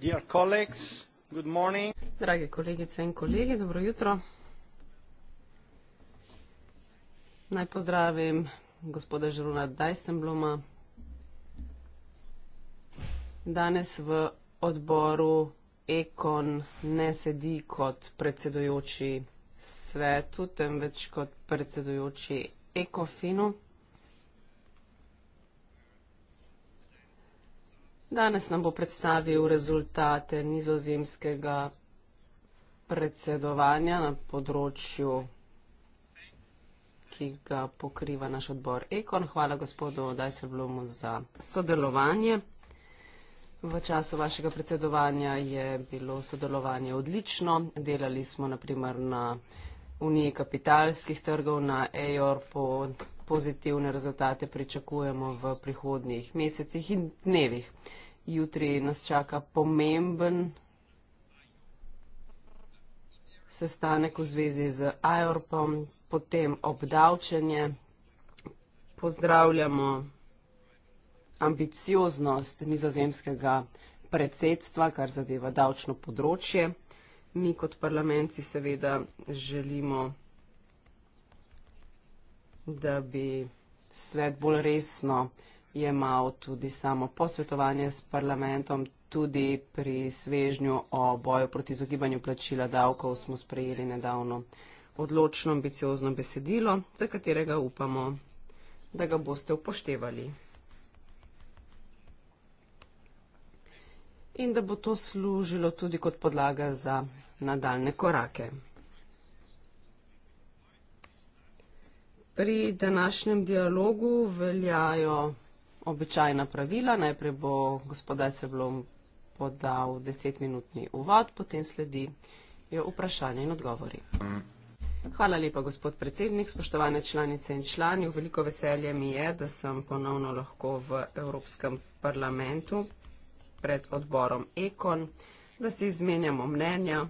Drage kolegice in kolegi, dobro jutro. Naj pozdravim gospoda Žeruna Dajsenbluma. Danes v odboru Ekon ne sedi kot predsedujoči svetu, temveč kot predsedujoči Ekofinu. Danes nam bo predstavil rezultate nizozemskega predsedovanja na področju, ki ga pokriva naš odbor Ekon. Hvala gospodu Dajselblomu za sodelovanje. V času vašega predsedovanja je bilo sodelovanje odlično. Delali smo naprimer na Uniji kapitalskih trgov, na EOR-u, pozitivne rezultate pričakujemo v prihodnjih mesecih in dnevih. Jutri nas čaka pomemben sestanek v zvezi z IORPom, potem obdavčenje. Pozdravljamo ambicioznost nizozemskega predsedstva, kar zadeva davčno področje. Mi kot parlamenci seveda želimo da bi svet bolj resno jemal tudi samo posvetovanje s parlamentom, tudi pri svežnju o boju proti izogibanju plačila davkov smo sprejeli nedavno odločno ambiciozno besedilo, za katerega upamo, da ga boste upoštevali. In da bo to služilo tudi kot podlaga za nadaljne korake. Pri današnjem dialogu veljajo običajna pravila. Najprej bo gospod Seblom podal desetminutni uvod, potem sledi jo vprašanje in odgovori. Hvala lepa, gospod predsednik, spoštovane članice in člani. Veliko veselje mi je, da sem ponovno lahko v Evropskem parlamentu pred odborom Ekon, da si izmenjamo mnenja,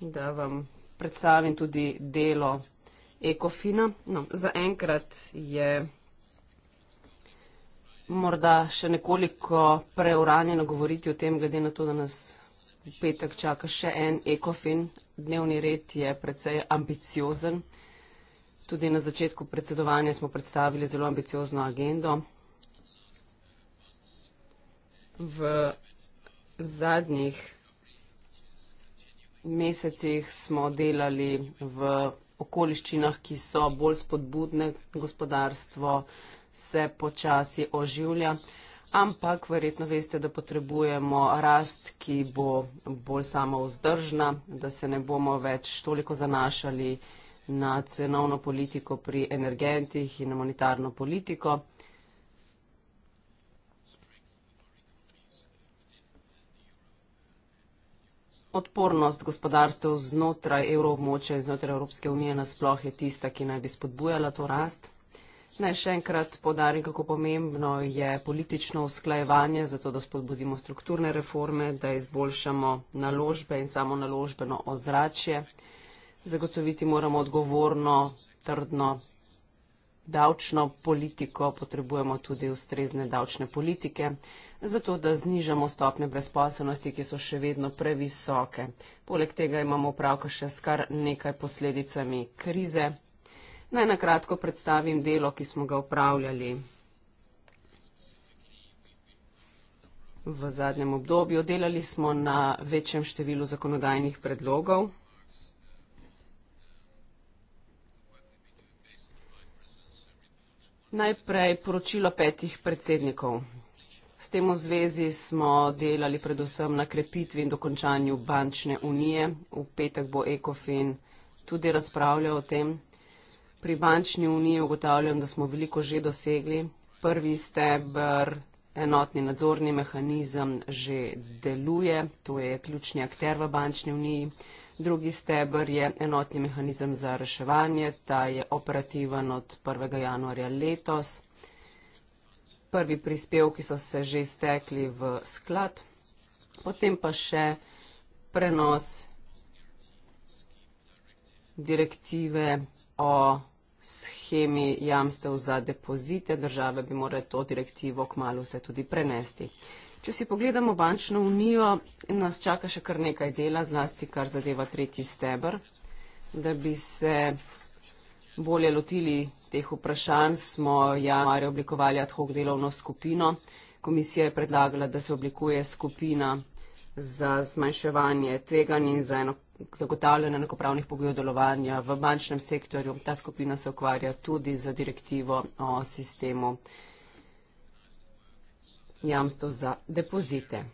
da vam predstavim tudi delo Ekofina. No, za enkrat je morda še nekoliko preuranjeno govoriti o tem, glede na to, da nas v petek čaka še en Ekofin. Dnevni red je precej ambiciozen. Tudi na začetku predsedovanja smo predstavili zelo ambiciozno agendo. V zadnjih mesecih smo delali v okoliščinah, ki so bolj spodbudne, gospodarstvo se počasi oživlja, ampak verjetno veste, da potrebujemo rast, ki bo bolj samozdržna, da se ne bomo več toliko zanašali na cenovno politiko pri energentih in na monetarno politiko. odpornost gospodarstev znotraj evroobmočja in znotraj Evropske unije nasploh je tista, ki naj bi spodbujala to rast. Naj še enkrat podarim, kako pomembno je politično usklajevanje, zato da spodbudimo strukturne reforme, da izboljšamo naložbe in samo naložbeno ozračje. Zagotoviti moramo odgovorno, trdno davčno politiko, potrebujemo tudi ustrezne davčne politike zato da znižamo stopne brezposobnosti, ki so še vedno previsoke. Poleg tega imamo pravka še s kar nekaj posledicami krize. Naj nakratko predstavim delo, ki smo ga upravljali v zadnjem obdobju. Delali smo na večjem številu zakonodajnih predlogov. Najprej poročilo petih predsednikov. S tem v zvezi smo delali predvsem na krepitvi in dokončanju bančne unije. V petek bo ECOFIN tudi razpravljal o tem. Pri bančni uniji ugotavljam, da smo veliko že dosegli. Prvi stebr, enotni nadzorni mehanizem že deluje, to je ključni akter v bančni uniji. Drugi stebr je enotni mehanizem za reševanje, ta je operativen od 1. januarja letos prvi prispevki so se že iztekli v sklad, potem pa še prenos direktive o schemi jamstev za depozite. Države bi morale to direktivo kmalo se tudi prenesti. Če si pogledamo bančno unijo, nas čaka še kar nekaj dela, zlasti kar zadeva tretji stebr, da bi se bolje lotili teh vprašanj, smo januarja oblikovali ad hoc delovno skupino. Komisija je predlagala, da se oblikuje skupina za zmanjševanje tveganj in za zagotavljanje enakopravnih pogojev delovanja v bančnem sektorju. Ta skupina se ukvarja tudi za direktivo o sistemu jamstv za depozite.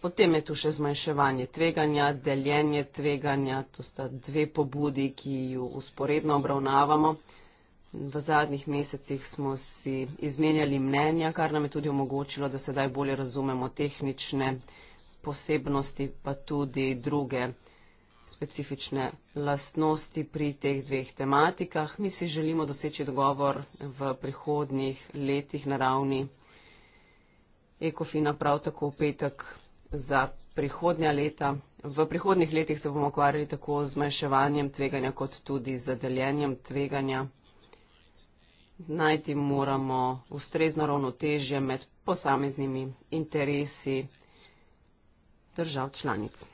Potem je tu še zmanjševanje tveganja, deljenje tveganja, to sta dve pobudi, ki ju usporedno obravnavamo. V zadnjih mesecih smo si izmenjali mnenja, kar nam je tudi omogočilo, da sedaj bolje razumemo tehnične posebnosti, pa tudi druge specifične lastnosti pri teh dveh tematikah. Mi si želimo doseči dogovor v prihodnjih letih na ravni. Ekofina prav tako v petek za prihodnja leta. V prihodnih letih se bomo ukvarjali tako z zmanjševanjem tveganja, kot tudi z deljenjem tveganja. Najti moramo ustrezno ravnotežje med posameznimi interesi držav članic.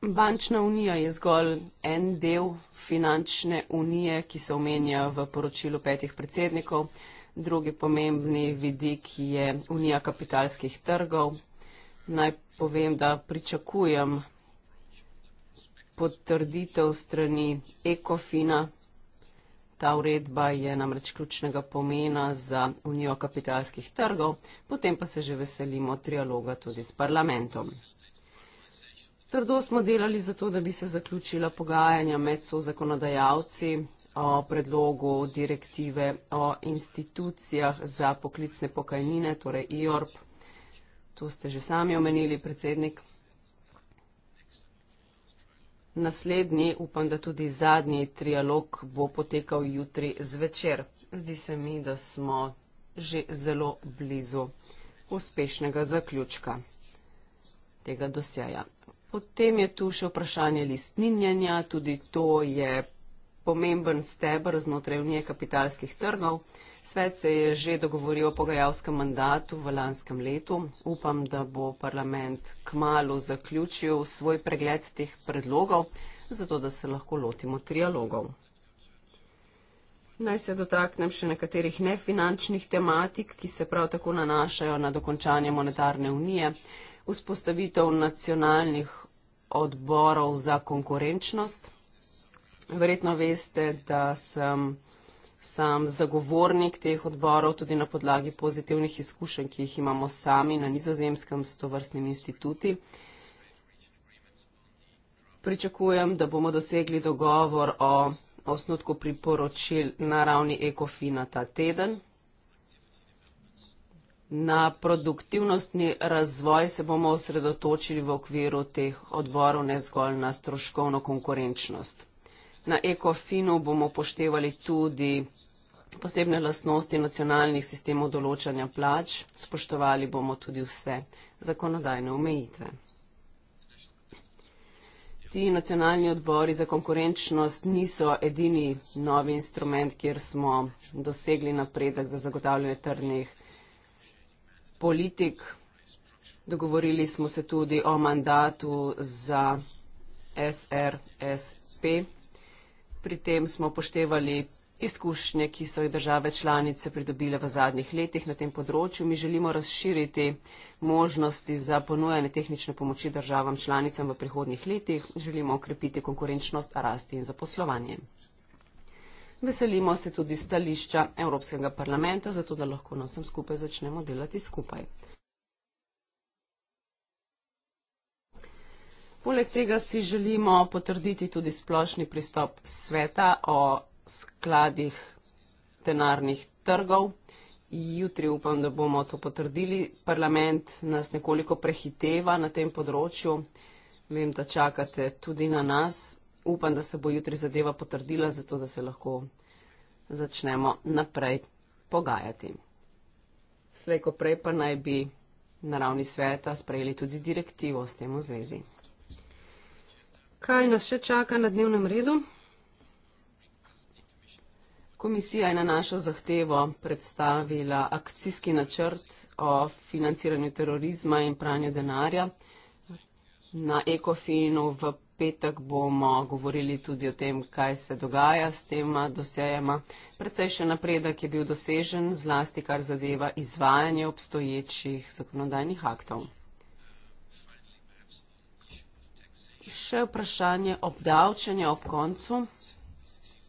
Bančna unija je zgolj en del finančne unije, ki se omenja v poročilu petih predsednikov. Drugi pomembni vidik je unija kapitalskih trgov. Naj povem, da pričakujem potrditev strani ECOFINA. Ta uredba je namreč ključnega pomena za unijo kapitalskih trgov, potem pa se že veselimo trialoga tudi s parlamentom. Trdo smo delali za to, da bi se zaključila pogajanja med so zakonodajalci o predlogu direktive o institucijah za poklicne pokajnine, torej IORP. To ste že sami omenili, predsednik. Naslednji, upam, da tudi zadnji trialog bo potekal jutri zvečer. Zdi se mi, da smo že zelo blizu uspešnega zaključka tega dosjaja. Potem je tu še vprašanje listninjanja, tudi to je pomemben stebr znotraj unije kapitalskih trgov. Svet se je že dogovoril o pogajalskem mandatu v lanskem letu. Upam, da bo parlament k malu zaključil svoj pregled teh predlogov, zato da se lahko lotimo trialogov. Naj se dotaknem še nekaterih nefinančnih tematik, ki se prav tako nanašajo na dokončanje monetarne unije, vzpostavitev nacionalnih odborov za konkurenčnost Verjetno veste, da sem sam zagovornik teh odborov tudi na podlagi pozitivnih izkušenj, ki jih imamo sami na nizozemskem s tovrstnimi instituti. Pričakujem, da bomo dosegli dogovor o osnutku priporočil na ravni ECOFINA ta teden. Na produktivnostni razvoj se bomo osredotočili v okviru teh odborov, ne zgolj na stroškovno konkurenčnost. Na ECOFINU bomo poštevali tudi posebne lastnosti nacionalnih sistemov določanja plač, spoštovali bomo tudi vse zakonodajne omejitve. Ti nacionalni odbori za konkurenčnost niso edini novi instrument, kjer smo dosegli napredek za zagotavljanje trdnih politik. Dogovorili smo se tudi o mandatu za SRSP. Pri tem smo poštevali izkušnje, ki so jih države članice pridobile v zadnjih letih na tem področju. Mi želimo razširiti možnosti za ponujanje tehnične pomoči državam članicam v prihodnjih letih. Želimo okrepiti konkurenčnost, rasti in zaposlovanje. Veselimo se tudi stališča Evropskega parlamenta, zato da lahko na vsem skupaj začnemo delati skupaj. Poleg tega si želimo potrditi tudi splošni pristop sveta o skladih denarnih trgov. Jutri upam, da bomo to potrdili. Parlament nas nekoliko prehiteva na tem področju. Vem, da čakate tudi na nas. Upam, da se bo jutri zadeva potrdila, zato da se lahko začnemo naprej pogajati. Slejko prej pa naj bi na ravni sveta sprejeli tudi direktivo s tem v zvezi. Kaj nas še čaka na dnevnem redu? Komisija je na našo zahtevo predstavila akcijski načrt o financiranju terorizma in pranju denarja. Na ekofinu v petek bomo govorili tudi o tem, kaj se dogaja s tema dosejema. Predvsej še napredek je bil dosežen, zlasti kar zadeva izvajanje obstoječih zakonodajnih aktov. še vprašanje obdavčenja ob koncu.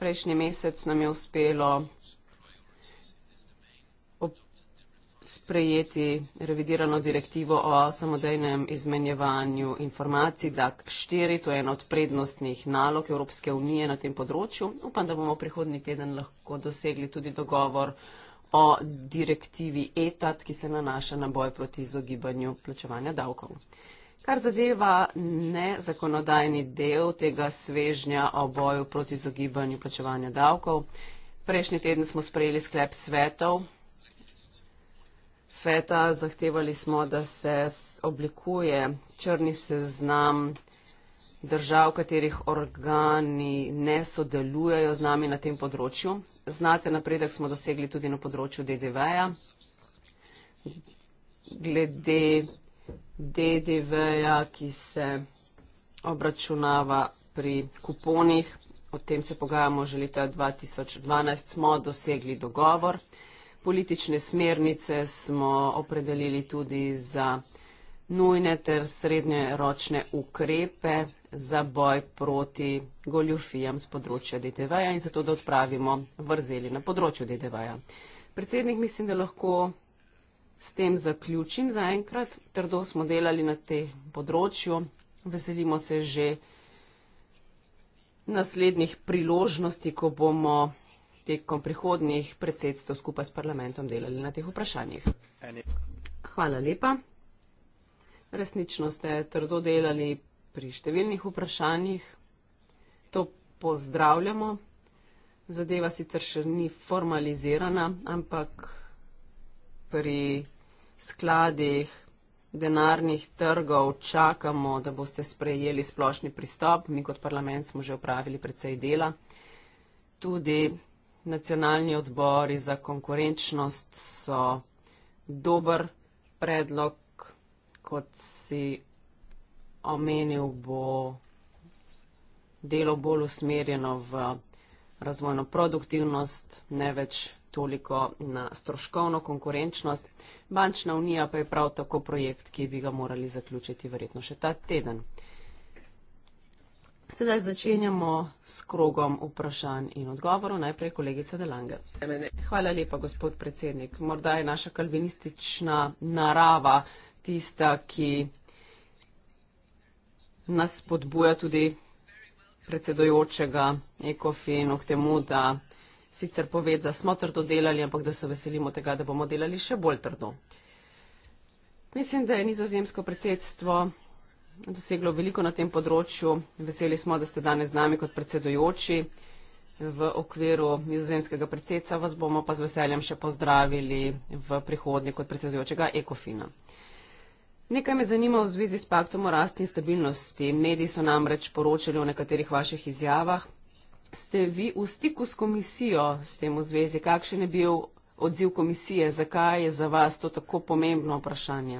Prejšnji mesec nam je uspelo sprejeti revidirano direktivo o samodejnem izmenjevanju informacij DAC 4. To je ena od prednostnih nalog Evropske unije na tem področju. Upam, da bomo prihodni teden lahko dosegli tudi dogovor o direktivi ETAT, ki se nanaša na boj proti izogibanju plačevanja davkov. Kar zadeva nezakonodajni del tega svežnja o boju proti zogibanju plačevanja davkov, prejšnji teden smo sprejeli sklep svetov. Sveta zahtevali smo, da se oblikuje črni seznam držav, katerih organi ne sodelujejo z nami na tem področju. Znate, napredek smo dosegli tudi na področju DDV-ja. Glede DDV-ja, ki se obračunava pri kuponih. O tem se pogajamo že leta 2012, smo dosegli dogovor. Politične smernice smo opredelili tudi za nujne ter srednjeročne ukrepe za boj proti goljufijam z področja DDV-ja in zato, da odpravimo vrzeli na področju DDV-ja. Predsednik, mislim, da lahko S tem zaključim zaenkrat. Trdo smo delali na tem področju. Veselimo se že naslednjih priložnosti, ko bomo tekom prihodnjih predsedstv skupaj s parlamentom delali na teh vprašanjih. Hvala lepa. Resnično ste trdo delali pri številnih vprašanjih. To pozdravljamo. Zadeva sicer še ni formalizirana, ampak pri skladih denarnih trgov čakamo, da boste sprejeli splošni pristop. Mi kot parlament smo že upravili predsej dela. Tudi nacionalni odbori za konkurenčnost so dober predlog, kot si omenil, bo delo bolj usmerjeno v razvojno produktivnost, ne več toliko na stroškovno konkurenčnost. Bančna unija pa je prav tako projekt, ki bi ga morali zaključiti verjetno še ta teden. Sedaj začenjamo s krogom vprašanj in odgovorov. Najprej kolegica Delange. Hvala lepa, gospod predsednik. Morda je naša kalvinistična narava tista, ki nas podbuja tudi predsedojočega ekofinu k temu, da sicer pove, da smo trdo delali, ampak da se veselimo tega, da bomo delali še bolj trdo. Mislim, da je nizozemsko predsedstvo doseglo veliko na tem področju. Veseli smo, da ste danes z nami kot predsedujoči v okviru nizozemskega predsedstva. Vas bomo pa z veseljem še pozdravili v prihodnje kot predsedujočega Ekofina. Nekaj me zanima v zvezi s paktom o rasti in stabilnosti. Mediji so namreč poročali o nekaterih vaših izjavah, ste vi v stiku s komisijo s tem v zvezi? Kakšen je bil odziv komisije? Zakaj je za vas to tako pomembno vprašanje?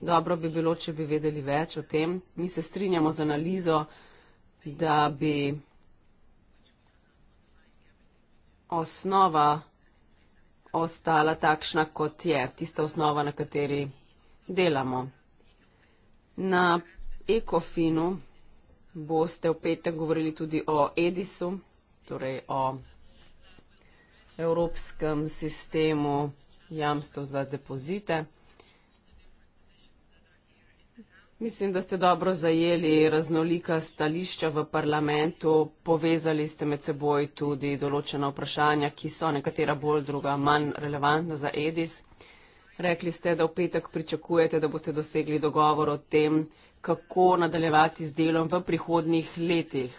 Dobro bi bilo, če bi vedeli več o tem. Mi se strinjamo z analizo, da bi osnova ostala takšna, kot je, tista osnova, na kateri delamo. Na ekofinu boste v petek govorili tudi o Edisu, torej o evropskem sistemu jamstv za depozite. Mislim, da ste dobro zajeli raznolika stališča v parlamentu, povezali ste med seboj tudi določena vprašanja, ki so nekatera bolj druga, manj relevantna za Edis. Rekli ste, da v petek pričakujete, da boste dosegli dogovor o tem, kako nadaljevati z delom v prihodnih letih.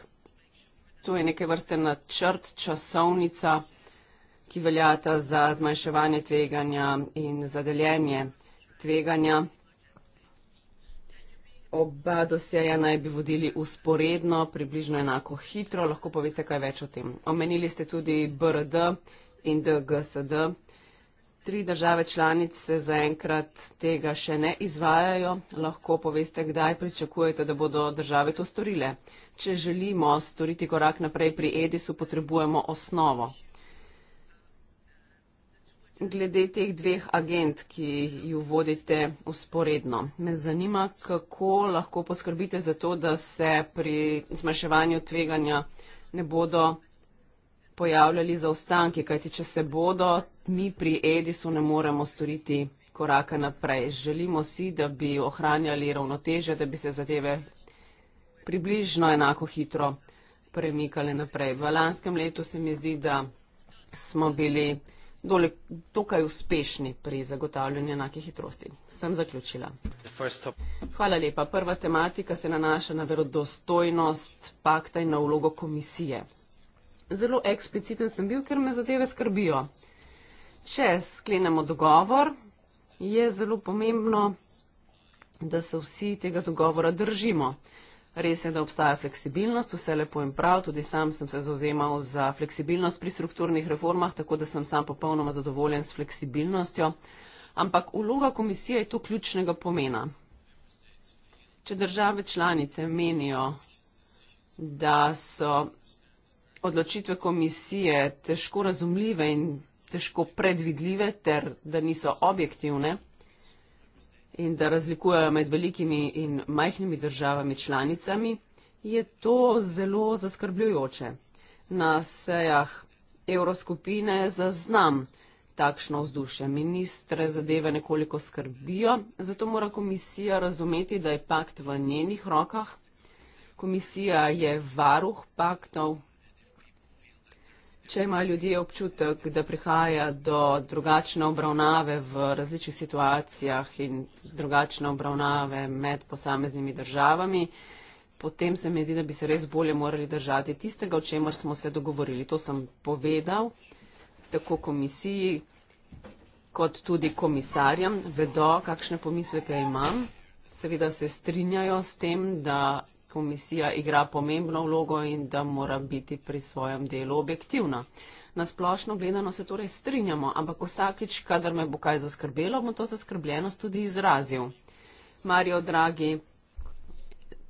To je neke vrste načrt, časovnica, ki veljata za zmanjševanje tveganja in za deljenje tveganja. Oba dosjeja naj bi vodili usporedno, približno enako hitro. Lahko poveste kaj več o tem. Omenili ste tudi BRD in DGSD. Tri države članice zaenkrat tega še ne izvajajo. Lahko poveste, kdaj pričakujete, da bodo države to storile. Če želimo storiti korak naprej pri Edisu, potrebujemo osnovo. Glede teh dveh agent, ki ju vodite usporedno, me zanima, kako lahko poskrbite za to, da se pri zmanjševanju tveganja ne bodo pojavljali zaostanki, kajti če se bodo, mi pri Edisu ne moremo storiti koraka naprej. Želimo si, da bi ohranjali ravnoteže, da bi se zadeve približno enako hitro premikale naprej. V lanskem letu se mi zdi, da smo bili dole, dokaj uspešni pri zagotavljanju enake hitrosti. Sem zaključila. Hvala lepa. Prva tematika se nanaša na verodostojnost pakta in na vlogo komisije zelo ekspliciten sem bil, ker me zadeve skrbijo. Če sklenemo dogovor, je zelo pomembno, da se vsi tega dogovora držimo. Res je, da obstaja fleksibilnost, vse lepo in prav, tudi sam sem se zauzemal za fleksibilnost pri strukturnih reformah, tako da sem sam popolnoma zadovoljen s fleksibilnostjo. Ampak uloga komisije je tu ključnega pomena. Če države članice menijo, da so odločitve komisije težko razumljive in težko predvidljive ter da niso objektivne in da razlikujejo med velikimi in majhnimi državami članicami, je to zelo zaskrbljujoče. Na sejah Evroskupine zaznam takšno vzdušje. Ministre zadeve nekoliko skrbijo, zato mora komisija razumeti, da je pakt v njenih rokah. Komisija je varuh paktov, Če imajo ljudje občutek, da prihaja do drugačne obravnave v različnih situacijah in drugačne obravnave med posameznimi državami, potem se mi zdi, da bi se res bolje morali držati tistega, o čemer smo se dogovorili. To sem povedal tako komisiji kot tudi komisarjem, vedo, kakšne pomisleke imam. Seveda se strinjajo s tem, da komisija igra pomembno vlogo in da mora biti pri svojem delu objektivna. Na splošno gledano se torej strinjamo, ampak vsakič, kadar me bo kaj zaskrbelo, bom to zaskrbljenost tudi izrazil. Marijo Dragi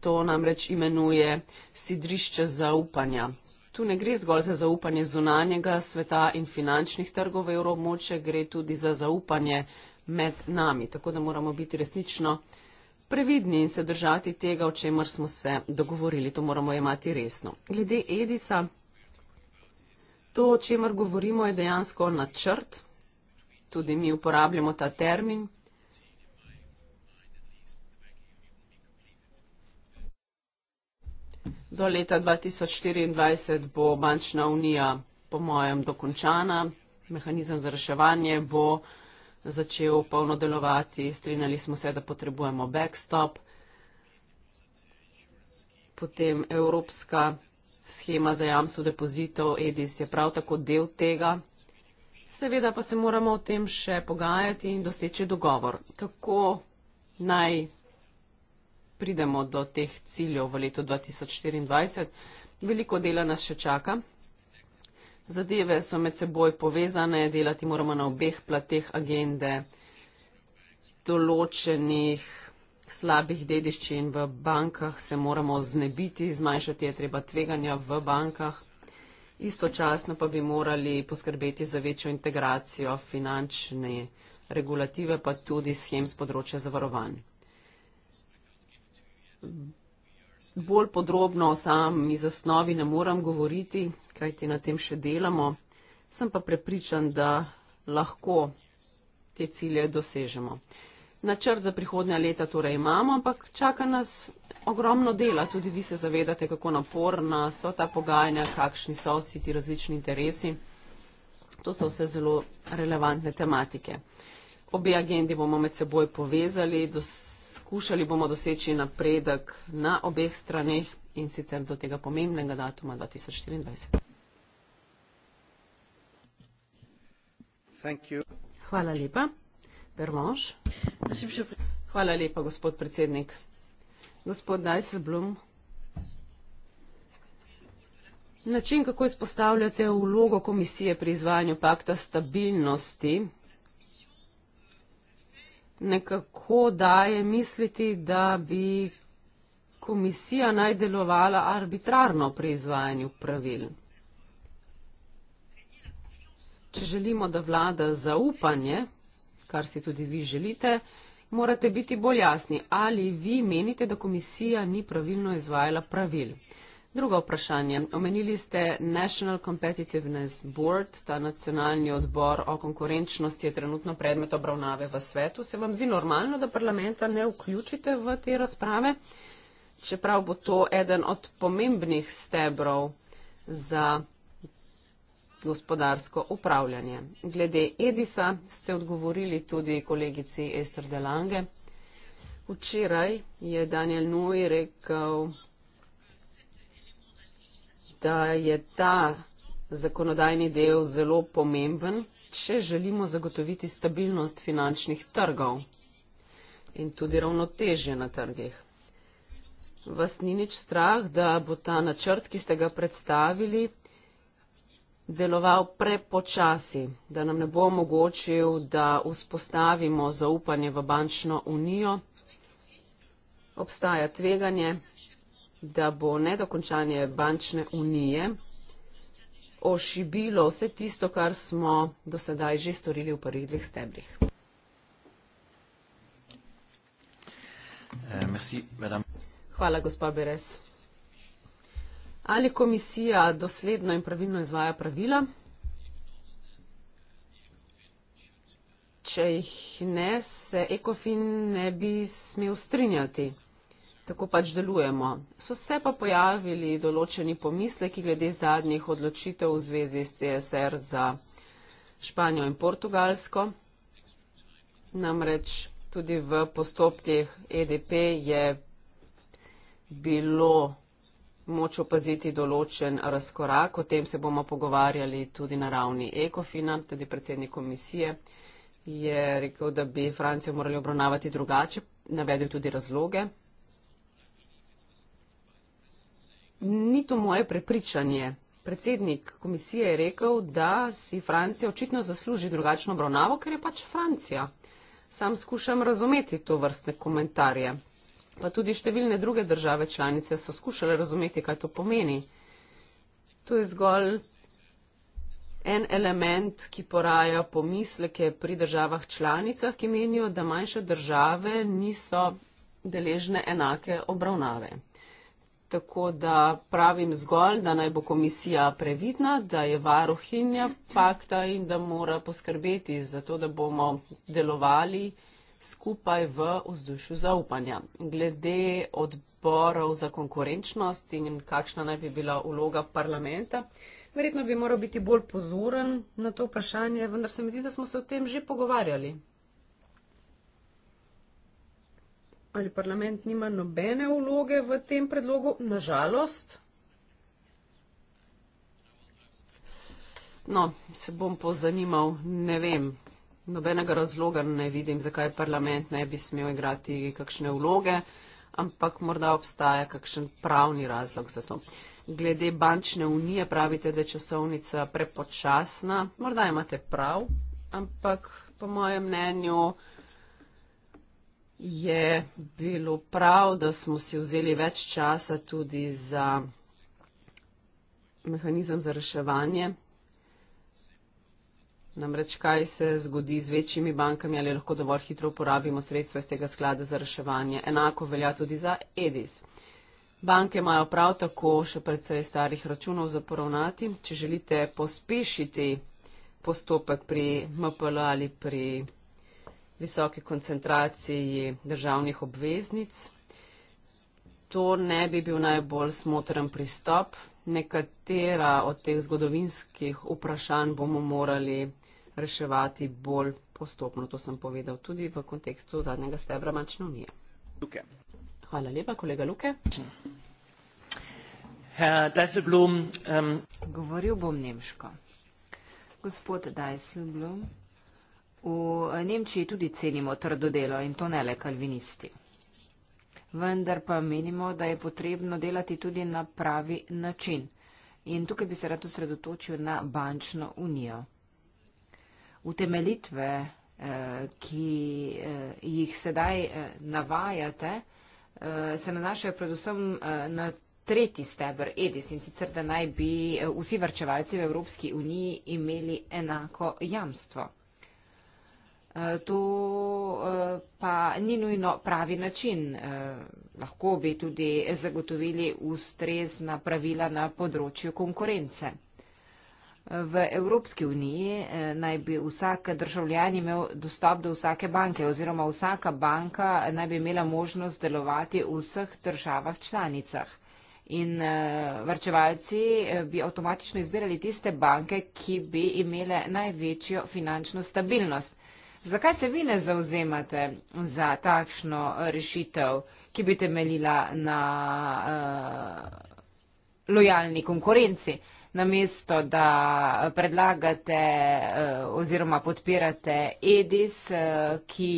to namreč imenuje sidrišče zaupanja. Tu ne gre zgolj za zaupanje zunanjega sveta in finančnih trgov v evromoče, gre tudi za zaupanje med nami, tako da moramo biti resnično previdni in se držati tega, o čemer smo se dogovorili. To moramo imati resno. Glede Edisa, to, o čemer govorimo, je dejansko načrt. Tudi mi uporabljamo ta termin. Do leta 2024 bo bančna unija, po mojem, dokončana. Mehanizem za reševanje bo začel polno delovati, strinjali smo se, da potrebujemo backstop, potem evropska schema za jamstvo depozitov, EDIS je prav tako del tega. Seveda pa se moramo o tem še pogajati in doseči dogovor, kako naj pridemo do teh ciljev v letu 2024. Veliko dela nas še čaka zadeve so med seboj povezane, delati moramo na obeh plateh agende določenih slabih dediščin v bankah, se moramo znebiti, zmanjšati je treba tveganja v bankah. Istočasno pa bi morali poskrbeti za večjo integracijo finančne regulative, pa tudi schem z področja zavarovanj bolj podrobno o sami zasnovi ne moram govoriti, kajti na tem še delamo. Sem pa prepričan, da lahko te cilje dosežemo. Načrt za prihodnja leta torej imamo, ampak čaka nas ogromno dela. Tudi vi se zavedate, kako naporna so ta pogajanja, kakšni so vsi ti različni interesi. To so vse zelo relevantne tematike. Obe agendi bomo med seboj povezali, dos, poskušali bomo doseči napredek na obeh straneh in sicer do tega pomembnega datuma 2024. Hvala lepa. Bermož. Hvala lepa, gospod predsednik. Gospod Dijsselblum. Način, kako izpostavljate vlogo komisije pri izvajanju pakta stabilnosti nekako daje misliti, da bi komisija naj delovala arbitrarno pri izvajanju pravil. Če želimo, da vlada zaupanje, kar si tudi vi želite, morate biti bolj jasni, ali vi menite, da komisija ni pravilno izvajala pravil. Drugo vprašanje. Omenili ste National Competitiveness Board, ta nacionalni odbor o konkurenčnosti je trenutno predmet obravnave v svetu. Se vam zdi normalno, da parlamenta ne vključite v te razprave, čeprav bo to eden od pomembnih stebrov za gospodarsko upravljanje. Glede Edisa ste odgovorili tudi kolegici Ester Delange. Včeraj je Daniel Nui rekel, da je ta zakonodajni del zelo pomemben, če želimo zagotoviti stabilnost finančnih trgov in tudi ravnotežje na trgih. Vas ni nič strah, da bo ta načrt, ki ste ga predstavili, deloval prepočasi, da nam ne bo omogočil, da vzpostavimo zaupanje v bančno unijo. Obstaja tveganje, da bo nedokončanje bančne unije ošibilo vse tisto, kar smo do sedaj že storili v prvih dveh stebrih. Eh, Hvala, gospa Beres. Ali komisija dosledno in pravilno izvaja pravila? Če jih ne, se ECOFIN ne bi smel strinjati. Tako pač delujemo. So se pa pojavili določeni pomisleki glede zadnjih odločitev v zvezi s CSR za Španijo in Portugalsko. Namreč tudi v postopkih EDP je bilo moč opaziti določen razkorak. O tem se bomo pogovarjali tudi na ravni ECOFINA, tudi predsednik komisije je rekel, da bi Francijo morali obravnavati drugače, navedel tudi razloge. ni to moje prepričanje. Predsednik komisije je rekel, da si Francija očitno zasluži drugačno obravnavo, ker je pač Francija. Sam skušam razumeti to vrstne komentarje. Pa tudi številne druge države članice so skušale razumeti, kaj to pomeni. To je zgolj en element, ki poraja pomisleke pri državah članicah, ki menijo, da manjše države niso deležne enake obravnave. Tako da pravim zgolj, da naj bo komisija previdna, da je varuhinja pakta in da mora poskrbeti za to, da bomo delovali skupaj v vzdušju zaupanja. Glede odborov za konkurenčnost in kakšna naj bi bila uloga parlamenta, verjetno bi moral biti bolj pozoren na to vprašanje, vendar se mi zdi, da smo se o tem že pogovarjali. ali parlament nima nobene vloge v tem predlogu, nažalost. No, se bom pozanimal, ne vem, nobenega razloga ne vidim, zakaj parlament ne bi smel igrati kakšne vloge, ampak morda obstaja kakšen pravni razlog za to. Glede bančne unije pravite, da je časovnica prepočasna, morda imate prav, ampak po mojem mnenju je bilo prav, da smo si vzeli več časa tudi za mehanizem za reševanje. Namreč, kaj se zgodi z večjimi bankami, ali lahko dovolj hitro uporabimo sredstva iz tega sklada za reševanje. Enako velja tudi za EDIS. Banke imajo prav tako še predvsej starih računov za poravnati. Če želite pospešiti postopek pri MPL ali pri visoki koncentraciji državnih obveznic. To ne bi bil najbolj smotren pristop. Nekatera od teh zgodovinskih vprašanj bomo morali reševati bolj postopno. To sem povedal tudi v kontekstu zadnjega stebra Mačne unije. Luke. Hvala lepa, kolega Luke. Ähm, Govoril bom nemško. Gospod Dajselblom. V Nemčiji tudi cenimo trdo delo in to ne le kalvinisti. Vendar pa menimo, da je potrebno delati tudi na pravi način. In tukaj bi se rad osredotočil na bančno unijo. Utemelitve, eh, ki eh, jih sedaj eh, navajate, se nanašajo predvsem na tretji stebr EDIS in sicer, da naj bi vsi vrčevalci v Evropski uniji imeli enako jamstvo. Eh, to eh, pa ni nujno pravi način. Eh, lahko bi tudi zagotovili ustrezna pravila na področju konkurence. V Evropski uniji naj bi vsak državljan imel dostop do vsake banke oziroma vsaka banka naj bi imela možnost delovati v vseh državah članicah. In vrčevalci bi avtomatično izbirali tiste banke, ki bi imele največjo finančno stabilnost. Zakaj se vi ne zauzemate za takšno rešitev, ki bi temeljila na uh, lojalni konkurenci, namesto da predlagate uh, oziroma podpirate EDIS, uh, ki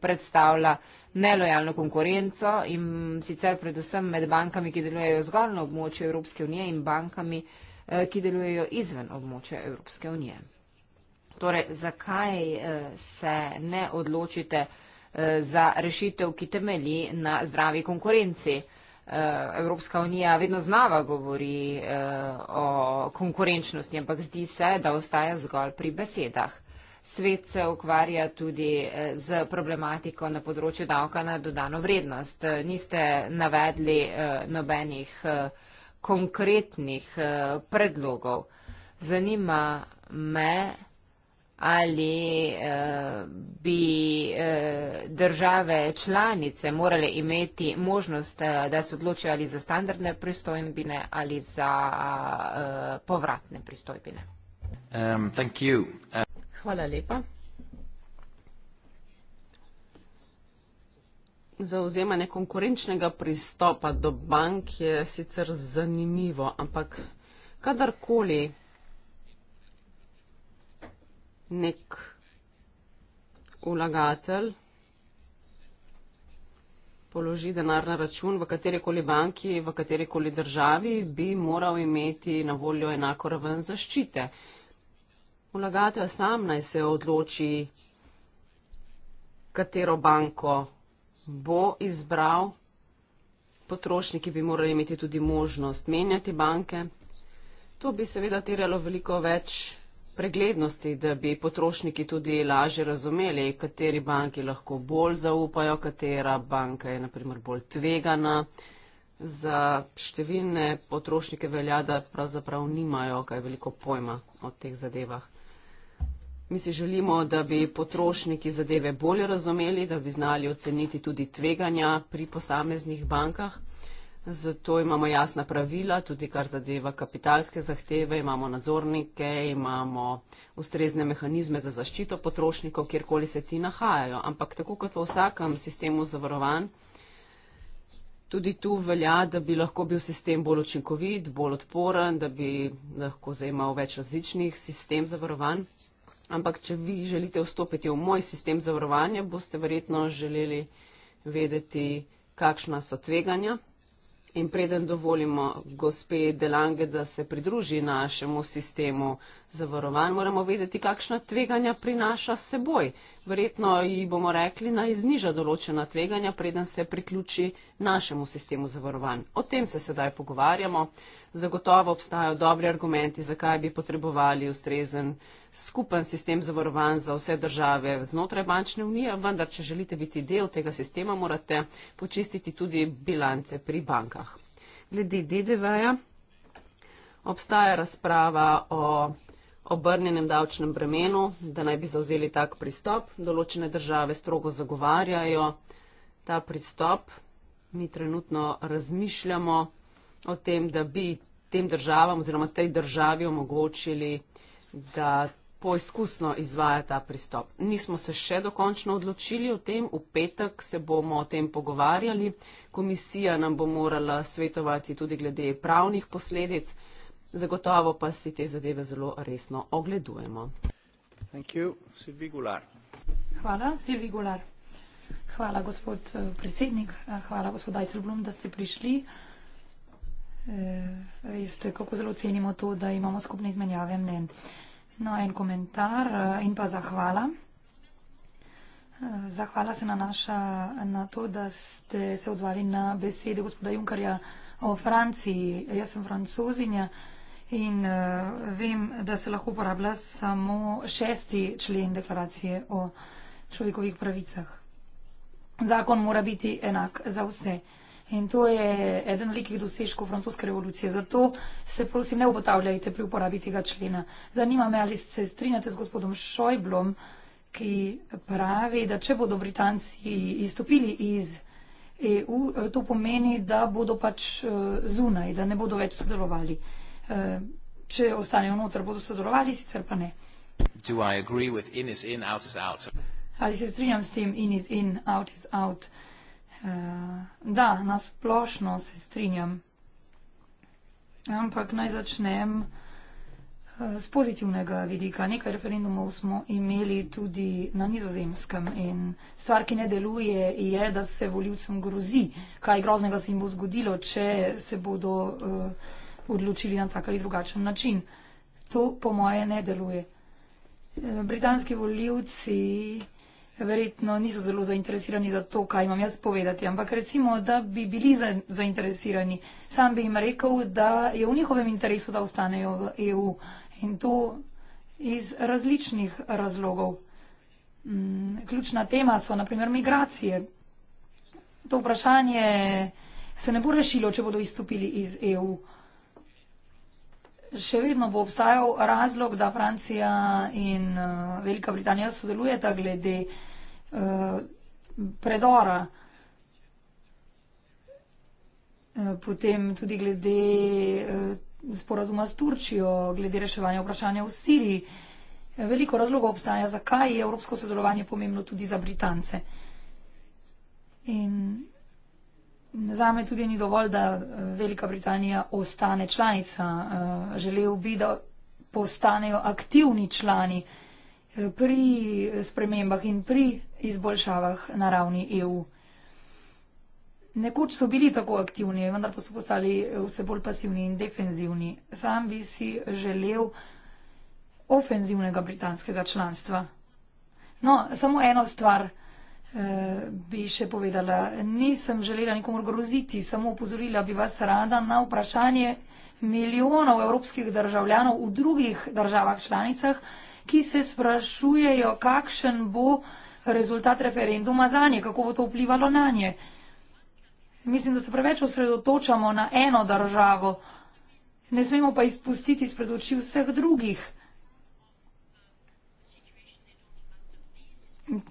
predstavlja nelojalno konkurenco in sicer predvsem med bankami, ki delujejo zgolj na območju Evropske unije in bankami, uh, ki delujejo izven območja Evropske unije? Torej, zakaj eh, se ne odločite eh, za rešitev, ki temelji na zdravi konkurenci? Eh, Evropska unija vedno znava govori o konkurenčnosti, ampak zdi se, da ostaja zgolj pri besedah. Svet se ukvarja tudi z problematiko na področju davka na dodano vrednost. Niste navedli nobenih konkretnih predlogov. Zanima me, ali eh, bi eh, države članice morale imeti možnost, eh, da se odločijo ali za standardne pristojbine ali za povratne pristojbine. Um, uh, Hvala lepa. Zauzemanje konkurenčnega pristopa do bank je sicer zanimivo, ampak kadarkoli nek vlagatelj položi denar na račun v katerikoli banki, v katerikoli državi, bi moral imeti na voljo enako raven zaščite. Vlagatelj sam naj se odloči, katero banko bo izbral. Potrošniki bi morali imeti tudi možnost menjati banke. To bi seveda terjalo veliko več preglednosti, da bi potrošniki tudi lažje razumeli, kateri banki lahko bolj zaupajo, katera banka je naprimer bolj tvegana. Za številne potrošnike velja, da pravzaprav nimajo kaj veliko pojma o teh zadevah. Mi si želimo, da bi potrošniki zadeve bolje razumeli, da bi znali oceniti tudi tveganja pri posameznih bankah. Uh, zato imamo jasna pravila, tudi kar zadeva kapitalske zahteve, imamo nadzornike, imamo ustrezne mehanizme za zaščito potrošnikov, kjerkoli se ti nahajajo. Ampak tako kot v vsakem sistemu zavarovanj, tudi tu velja, da bi lahko bil sistem bolj učinkovit, bolj odporen, da bi lahko zajemal več različnih sistem zavarovanj. Ampak če vi želite vstopiti v moj sistem zavarovanja, boste verjetno želeli vedeti, kakšna so tveganja, In preden dovolimo gospe Delange, da se pridruži našemu sistemu zavarovanj, moramo vedeti, kakšna tveganja prinaša seboj verjetno ji bomo rekli, naj zniža določena tveganja, preden se priključi našemu sistemu zavarovanj. O tem se sedaj pogovarjamo. Zagotovo obstajajo dobri argumenti, zakaj bi potrebovali ustrezen skupen sistem zavarovanj za vse države znotraj bančne unije, vendar, če želite biti del tega sistema, morate počistiti tudi bilance pri bankah. Glede DDV-ja obstaja razprava o obrnjenem davčnem bremenu, da naj bi zauzeli tak pristop. Določene države strogo zagovarjajo ta pristop. Mi trenutno razmišljamo o tem, da bi tem državam oziroma tej državi omogočili, da poizkusno izvaja ta pristop. Nismo se še dokončno odločili o tem, v petek se bomo o tem pogovarjali. Komisija nam bo morala svetovati tudi glede pravnih posledic. Zagotovo pa si te zadeve zelo resno ogledujemo. Hvala, Silvi Gular. Hvala, gospod eh, predsednik, eh, hvala, gospod Dajcelblom, da ste prišli. Eh, veste, kako zelo cenimo to, da imamo skupne izmenjave mnen. No, en komentar in pa zahvala. Zahvala se nanaša na to, da ste se odzvali na besede gospoda Junkarja o Franciji. Jaz sem francozinja in uh, vem, da se lahko uporablja samo šesti člen deklaracije o človekovih pravicah. Zakon mora biti enak za vse. In to je eden velikih dosežkov francoske revolucije. Zato se prosim ne upotavljajte pri uporabi tega člena. Zanima me, ali se strinjate z gospodom Šojblom, ki pravi, da če bodo Britanci izstopili iz EU, eh, to pomeni, da bodo pač eh, zunaj, da ne bodo več sodelovali. Eh, če ostanejo noter, bodo sodelovali, sicer pa ne. In in, out out? Ali se strinjam s tem, in is in, out is out? Uh, da, nasplošno se strinjam. Ampak naj začnem eh, z pozitivnega vidika. Nekaj referendumov smo imeli tudi na nizozemskem in stvar, ki ne deluje, je, da se voljivcem grozi, kaj groznega se jim bo zgodilo, če se bodo uh, odločili na tak ali drugačen način. To po moje ne deluje. Eh, britanski voljivci verjetno niso zelo zainteresirani za to, kaj imam jaz povedati, ampak recimo, da bi bili zainteresirani, sam bi jim rekel, da je v njihovem interesu, da ostanejo v EU in to iz različnih razlogov. Mm, ključna tema so naprimer migracije. To vprašanje se ne bo rešilo, če bodo izstopili iz EU. Uh, Še vedno bo obstajal razlog, da Francija in eh, Velika Britanija sodelujeta glede eh, predora, eh, potem tudi glede sporazuma s Turčijo, glede reševanja vprašanja v Siriji. Veliko razlogov obstaja, zakaj je evropsko sodelovanje pomembno tudi za Britance. In Zame tudi ni dovolj, da eh, Velika Britanija ostane članica. Eh, želel bi, da postanejo aktivni člani eh, pri spremembah in pri izboljšavah na ravni EU. Nekoč so bili tako aktivni, vendar pa so postali vse bolj pasivni in defenzivni. Sam bi si želel ofenzivnega britanskega članstva. No, samo eno stvar. Eh, bi še povedala. Nisem želela nikomu groziti, samo upozorila bi vas rada na vprašanje milijonov evropskih državljanov v drugih državah članicah, ki se sprašujejo, kakšen bo rezultat referenduma za nje, kako bo to vplivalo na nje. Mislim, da se preveč osredotočamo na eno državo. Ne smemo pa izpustiti spred oči vseh drugih.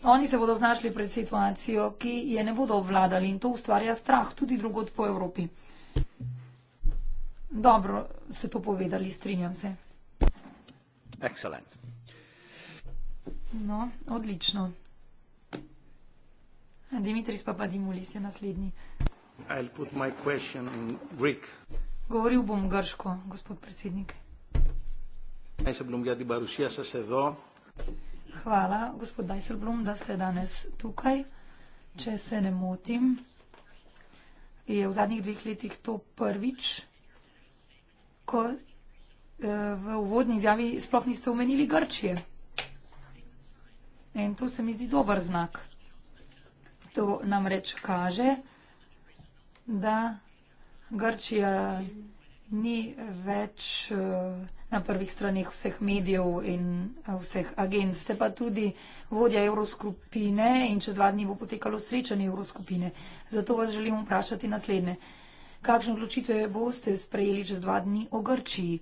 oni se bodo znašli pred situacijo, ki je ne bodo obvladali in to ustvarja strah tudi drugot po Evropi. Dobro ste to povedali, strinjam se. Excellent. No, odlično. Dimitris Papadimulis je naslednji. I'll put my question in Greek. Govoril bom grško, gospod predsednik. Najse blom gledi barusija se sedo. Hvala, gospod Dajselblom, da ste danes tukaj. Če se ne motim, je v zadnjih dveh letih to prvič, ko eh, v uvodni izjavi sploh niste omenili Grčije. In to se mi zdi dober znak. To nam reč kaže, da Grčija ni več. Eh, na prvih straneh vseh medijev in eh, vseh agent. Ste pa tudi vodja evroskupine in čez dva dni bo potekalo srečanje evroskupine. Zato vas želim vprašati naslednje. Kakšne odločitve boste sprejeli čez dva dni o Grčiji?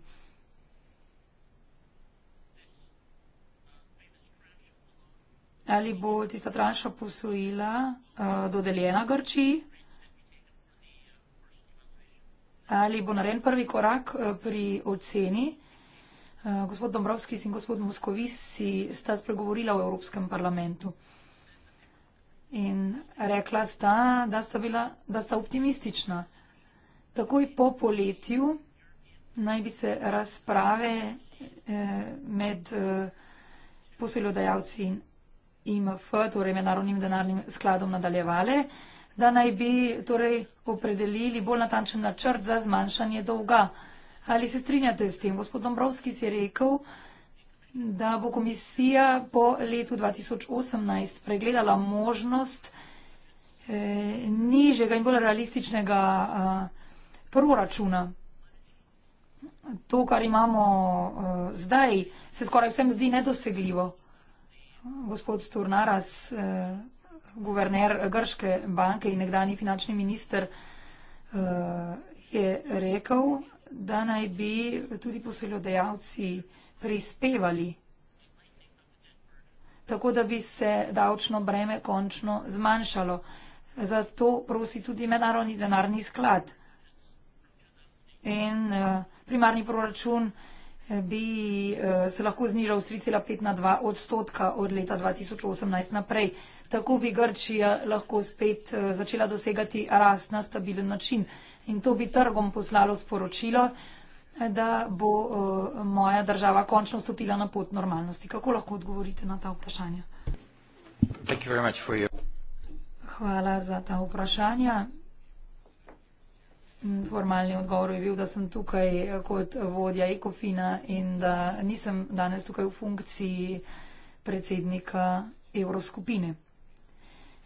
Ali bo tista tranša posojila uh, dodeljena Grčiji? Ali bo naren prvi korak uh, pri oceni? Eh, gospod Dombrovskis in gospod Moskovisi sta spregovorila v Evropskem parlamentu. In rekla sta, da sta, bila, da sta optimistična. Takoj po poletju naj bi se razprave eh, med eh, poseljodajalci in IMF, torej mednarodnim denarnim skladom, nadaljevale, da naj bi torej, opredelili bolj natančen načrt za zmanjšanje dolga. Eh, Ali se strinjate s tem? Gospod Dombrovski je rekel, da bo komisija po letu 2018 pregledala možnost eh, nižjega in bolj realističnega eh, proračuna. To, kar imamo eh, zdaj, se skoraj vsem zdi nedosegljivo. Gospod Sturnaras, eh, guverner Grške banke in nekdani finančni minister, eh, je rekel, da naj bi tudi posojilodajalci prispevali, tako da bi se davčno breme končno zmanjšalo. Zato prosi tudi mednarodni denarni sklad. In eh, primarni proračun eh, bi eh, se lahko znižal z 3,5 na 2 odstotka od leta 2018 naprej. Tako bi Grčija lahko spet začela dosegati rast na stabilen način. In to bi trgom poslalo sporočilo, da bo eh, moja država končno stopila na pot normalnosti. Kako lahko odgovorite na ta vprašanja? Hvala za ta vprašanja. Formalni odgovor je bil, da sem tukaj eh, kot vodja Ekofina in da nisem danes tukaj v funkciji predsednika Evroskupine.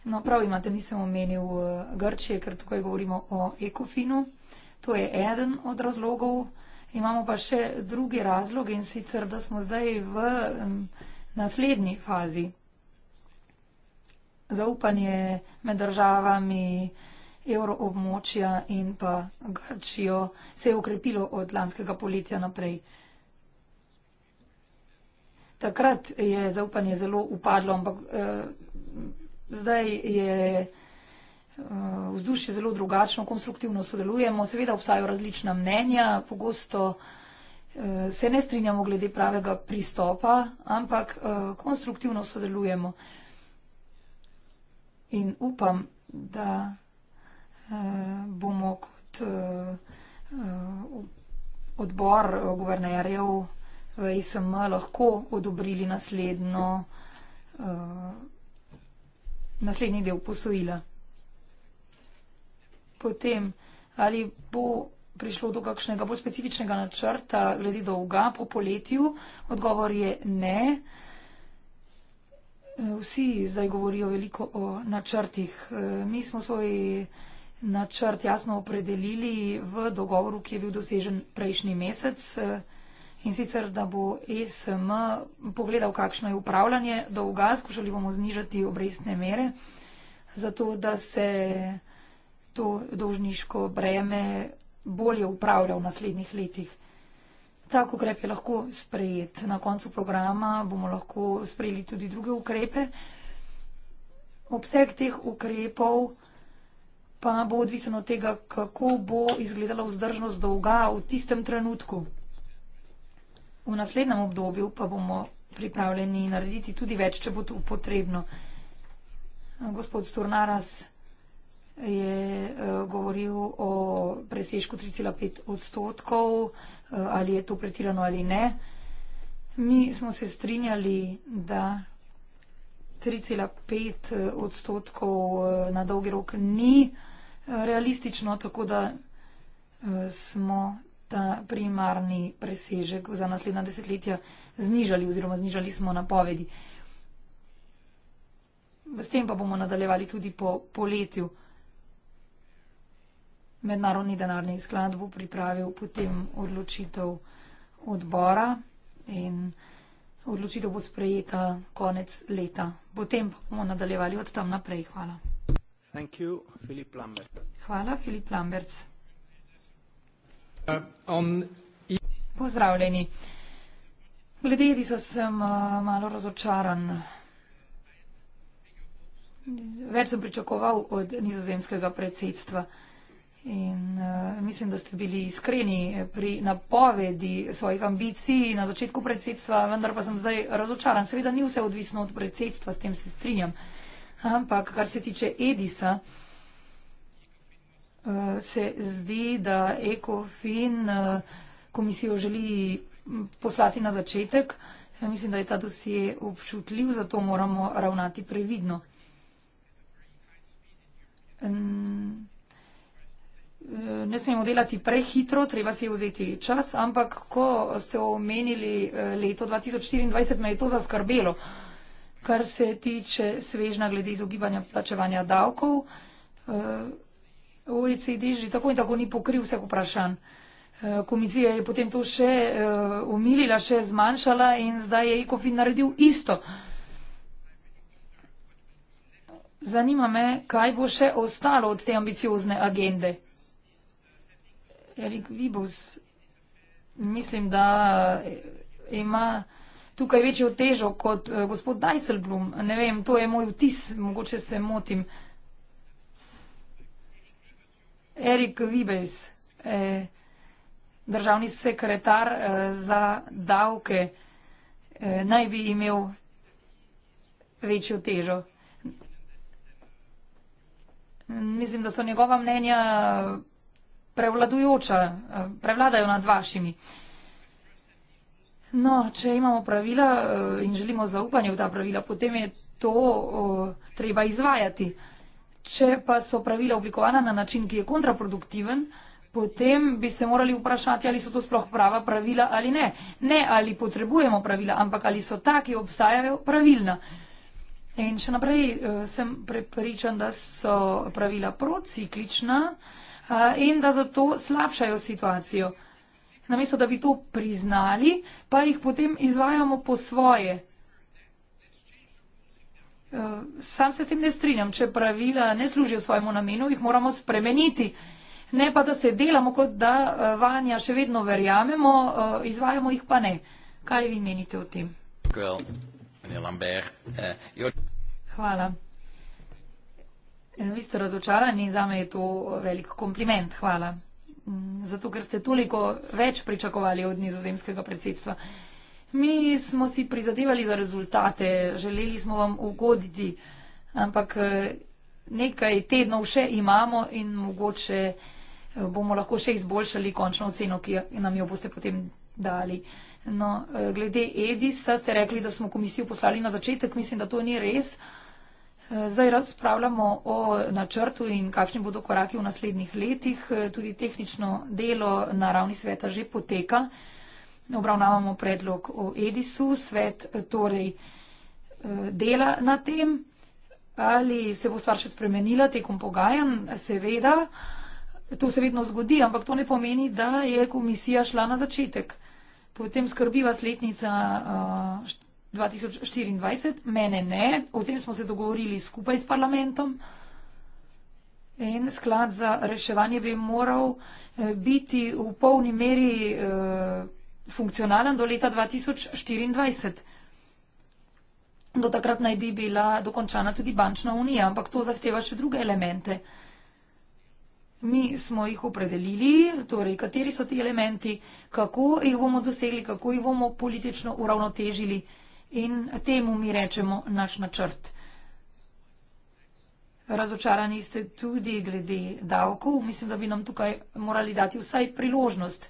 No, prav imate, nisem omenil eh, Grčije, ker tukaj govorimo o ekofinu. To je eden od razlogov. Imamo pa še drugi razlog in sicer, da smo zdaj v naslednji fazi. Zaupanje med državami evroobmočja in pa Grčijo se je ukrepilo od lanskega poletja naprej. Takrat je zaupanje zelo upadlo, ampak. Eh, Zdaj je eh, vzdušje zelo drugačno, konstruktivno sodelujemo, seveda obstajajo različna mnenja, pogosto eh, se ne strinjamo glede pravega pristopa, ampak eh, konstruktivno sodelujemo. In upam, da bomo kot odbor guvernerjev v ISM lahko odobrili naslednjo naslednji del posojila. Potem, ali bo prišlo do kakšnega bolj specifičnega načrta glede dolga po poletju? Odgovor je ne. Vsi zdaj govorijo veliko o načrtih. Mi smo svoj načrt jasno opredelili v dogovoru, ki je bil dosežen prejšnji mesec in sicer, da bo ESM pogledal, kakšno je upravljanje dolga, skušali bomo znižati obrestne mere, zato da se to dolžniško breme bolje upravlja v naslednjih letih. Tako ukrep je lahko sprejet. Na koncu programa bomo lahko sprejeli tudi druge ukrepe. Obseg teh ukrepov pa bo odvisen od tega, kako bo izgledala vzdržnost dolga v tistem trenutku. V naslednjem obdobju pa bomo pripravljeni narediti tudi več, če bo to potrebno. Gospod Stornaras je eh, govoril o presežku 3,5 odstotkov, eh, ali je to pretirano ali ne. Mi smo se strinjali, da 3,5 eh, odstotkov na dolgi rok ni realistično, tako da smo ta primarni presežek za naslednja desetletja znižali oziroma znižali smo napovedi. S tem pa bomo nadaljevali tudi po poletju. Mednarodni denarni sklad bo pripravil potem odločitev odbora in odločitev bo sprejeta konec leta. Potem pa bomo nadaljevali od tam naprej. Hvala. Thank you, Filip Lambert. Hvala, Filip Lamberts. Uh, Pozdravljeni. Glede Edisa sem uh, malo razočaran. Več sem pričakoval od nizozemskega predsedstva. In uh, mislim, da ste bili iskreni pri napovedi svojih ambicij na začetku predsedstva, vendar pa sem zdaj razočaran. Seveda ni vse odvisno od predsedstva, s tem se strinjam. Ampak kar se tiče Edisa, uh, se zdi, da ECOFIN eh, komisijo želi mm, poslati na začetek. Ja mislim, da je ta dosje občutljiv, zato moramo ravnati previdno. Eh, ne smemo delati prehitro, treba si vzeti čas, ampak ko ste omenili eh, leto 2024, me je to zaskrbelo, kar se tiče svežna glede izogibanja plačevanja davkov. OECD že tako in tako ni pokril vseh vprašanj. Eh, komisija je potem to še umilila, eh, še zmanjšala in zdaj je ECOFIN naredil isto. Zanima me, kaj bo še ostalo od te ambiciozne agende. Erik Vibus, mislim, da eh, ima tukaj večjo težo kot gospod Dijsselblum. Ne vem, to je moj vtis, mogoče se motim. Erik Vibes, eh, državni sekretar eh, za davke, eh, naj bi imel večjo težo. Mislim, da so njegova mnenja prevladujoča, prevladajo nad vašimi. No, če imamo pravila in želimo zaupanje v ta pravila, potem je to treba izvajati če pa so pravila oblikovana na način, ki je kontraproduktiven, potem bi se morali vprašati, ali so to sploh prava pravila ali ne. Ne, ali potrebujemo pravila, ampak ali so ta, ki obstajajo, pravilna. In še naprej eh, sem prepričan, da so pravila prociklična eh, in da zato slabšajo situacijo. Namesto, da bi to priznali, pa jih potem izvajamo po svoje. Eh, sam se s tem ne strinjam, če pravila ne služijo svojemu namenu, jih moramo spremeniti. Ne pa, da se delamo, kot da eh, vanja še vedno verjamemo, eh, izvajamo jih pa ne. Kaj vi menite o tem? Hvala. Vi ste razočarani in za me je to velik kompliment. Hvala. Mm, zato, ker ste toliko več pričakovali od nizozemskega predsedstva. Mi smo si prizadevali za rezultate, želeli smo vam ugoditi, ampak eh, nekaj tednov še imamo in mogoče eh, bomo lahko še izboljšali končno oceno, ki nam jo boste potem dali. No, eh, glede Edisa ste rekli, da smo komisijo poslali na začetek, mislim, da to ni res. Zdaj razpravljamo o načrtu in kakšni bodo koraki v naslednjih letih. Tudi tehnično delo na ravni sveta že poteka obravnavamo predlog o Edisu, svet eh, torej eh, dela na tem. Ali se bo stvar še spremenila tekom pogajanj? Seveda, to se vedno zgodi, ampak to ne pomeni, da je komisija šla na začetek. Potem skrbi vas letnica 2024, eh, mene ne, o tem smo se dogovorili skupaj s parlamentom. En sklad za reševanje bi moral biti v polni meri. Uh, funkcionalen do leta 2024. Do takrat naj bi bila dokončana tudi bančna unija, ampak to zahteva še druge elemente. Mi smo jih opredelili, torej kateri so ti elementi, kako jih bomo dosegli, kako jih bomo politično uravnotežili in temu mi rečemo naš načrt. Razočarani ste tudi glede davkov. Mislim, da bi nam tukaj morali dati vsaj priložnost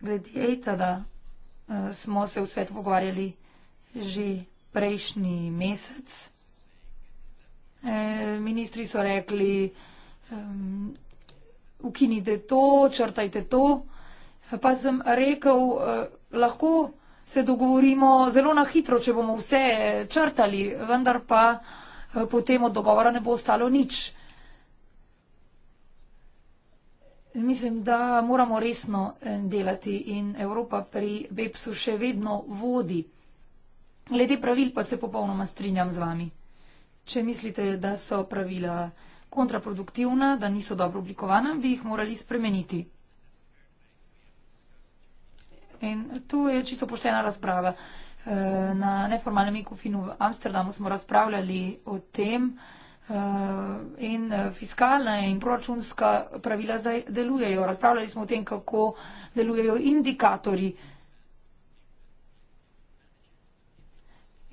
glede Eitada eh, smo se v svetu pogovarjali že prejšnji mesec. E, ministri so rekli, um, ukinite to, črtajte to. Pa sem rekel, uh, lahko se dogovorimo zelo na hitro, če bomo vse črtali, vendar pa uh, potem od dogovora ne bo ostalo nič. Mislim, da moramo resno eh, delati in Evropa pri BEPS-u še vedno vodi. Glede pravil pa se popolnoma strinjam z vami. Če mislite, da so pravila kontraproduktivna, da niso dobro oblikovana, bi jih morali spremeniti. In to je čisto poštena razprava. Eh, na neformalnem ekofinu v Amsterdamu smo razpravljali o tem, Eh, in eh, fiskalna in proračunska pravila zdaj delujejo. Razpravljali smo o tem, kako delujejo indikatori.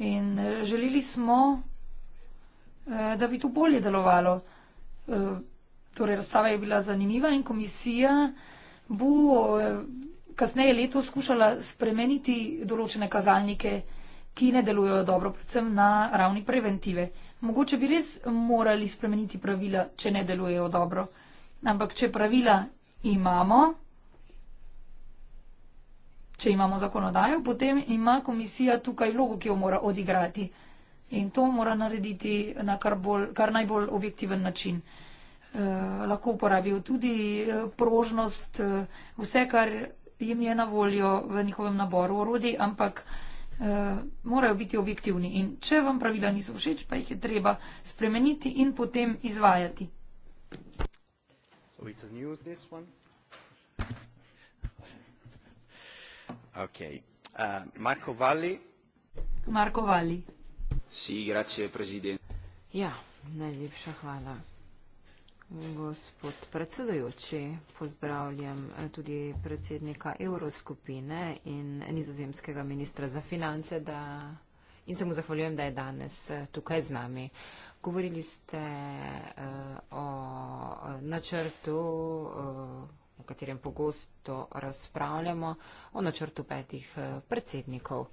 In eh, želeli smo, da bi to bolje delovalo. Torej, razprava je bila zanimiva in komisija bo kasneje leto skušala spremeniti določene kazalnike, ki ne delujejo dobro, predvsem na ravni preventive mogoče bi res morali spremeniti pravila, če ne delujejo dobro. Ampak, če pravila imamo, če imamo zakonodajo, potem ima komisija tukaj vlogo, ki jo mora odigrati. In to mora narediti na kar, bolj, kar najbolj objektiven način. Eh, lahko uporabijo tudi eh, prožnost, eh, vse, kar jim je na voljo v njihovem naboru orodij, ampak eh, Eh, morajo biti objektivni. In če vam pravila niso všeč, pa jih je treba spremeniti in potem izvajati. Eh, Marko Vali. Ja, najlepša hvala. Gospod predsedujoči, pozdravljam eh, tudi predsednika Evroskupine in nizozemskega ministra za finance da, in se mu zahvaljujem, da je danes eh, tukaj z nami. Govorili ste uh, o načrtu, uh, o katerem pogosto razpravljamo, o načrtu petih predsednikov,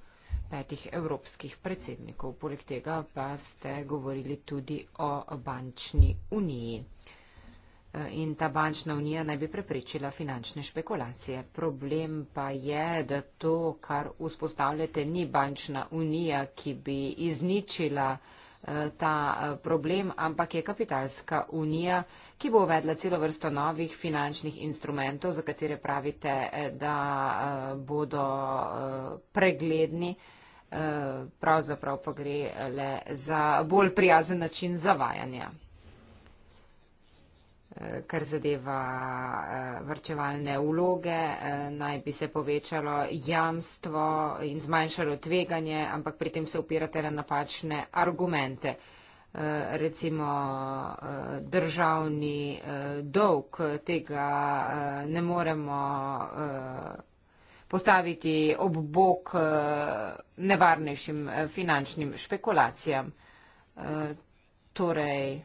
petih evropskih predsednikov. Poleg tega pa ste govorili tudi o bančni uniji. Uh, in ta bančna unija naj bi prepričila finančne špekulacije. Problem pa je, da to, kar vzpostavljate, ni bančna unija, ki bi izničila eh, ta eh, problem, ampak je kapitalska unija, ki bo uvedla celo vrsto novih finančnih instrumentov, za katere pravite, eh, da bodo pregledni, pravzaprav pa gre le za bolj prijazen način zavajanja kar zadeva eh, vrčevalne vloge, eh, naj bi se povečalo jamstvo in zmanjšalo tveganje, ampak pri tem se upirate na napačne argumente. Eh, recimo državni dolg tega ne moremo postaviti ob bok nevarnejšim finančnim špekulacijam. Torej,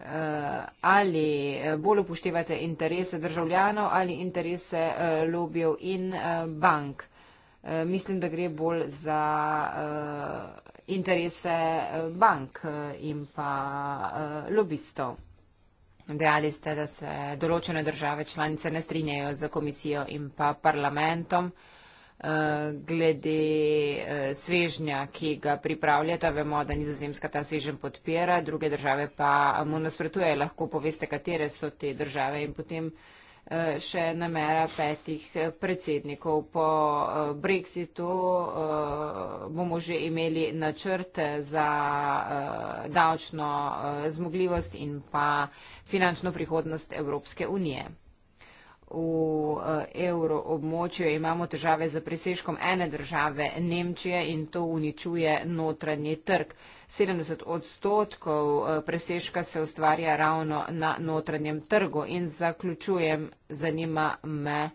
Eh, ali eh, bolj upoštevate interese državljanov ali interese eh, lobijev in bank. Mislim, da gre bolj za interese bank in pa lobistov. Dejali ste, da se določene države članice ne strinjajo z komisijo in pa parlamentom. Eh, glede eh, svežnja, ki ga pripravljata. Vemo, da nizozemska ta svežen podpira, druge države pa mu nasprotuje. Lahko poveste, katere so te države in potem eh, še namera petih predsednikov. Po brexitu bomo že imeli načrt za davčno zmogljivost in pa finančno prihodnost Evropske unije v eh, evroobmočju imamo težave z presežkom ene države Nemčije in to uničuje notranji trg. 70 odstotkov eh, presežka se ustvarja ravno na notranjem trgu in zaključujem, zanima me,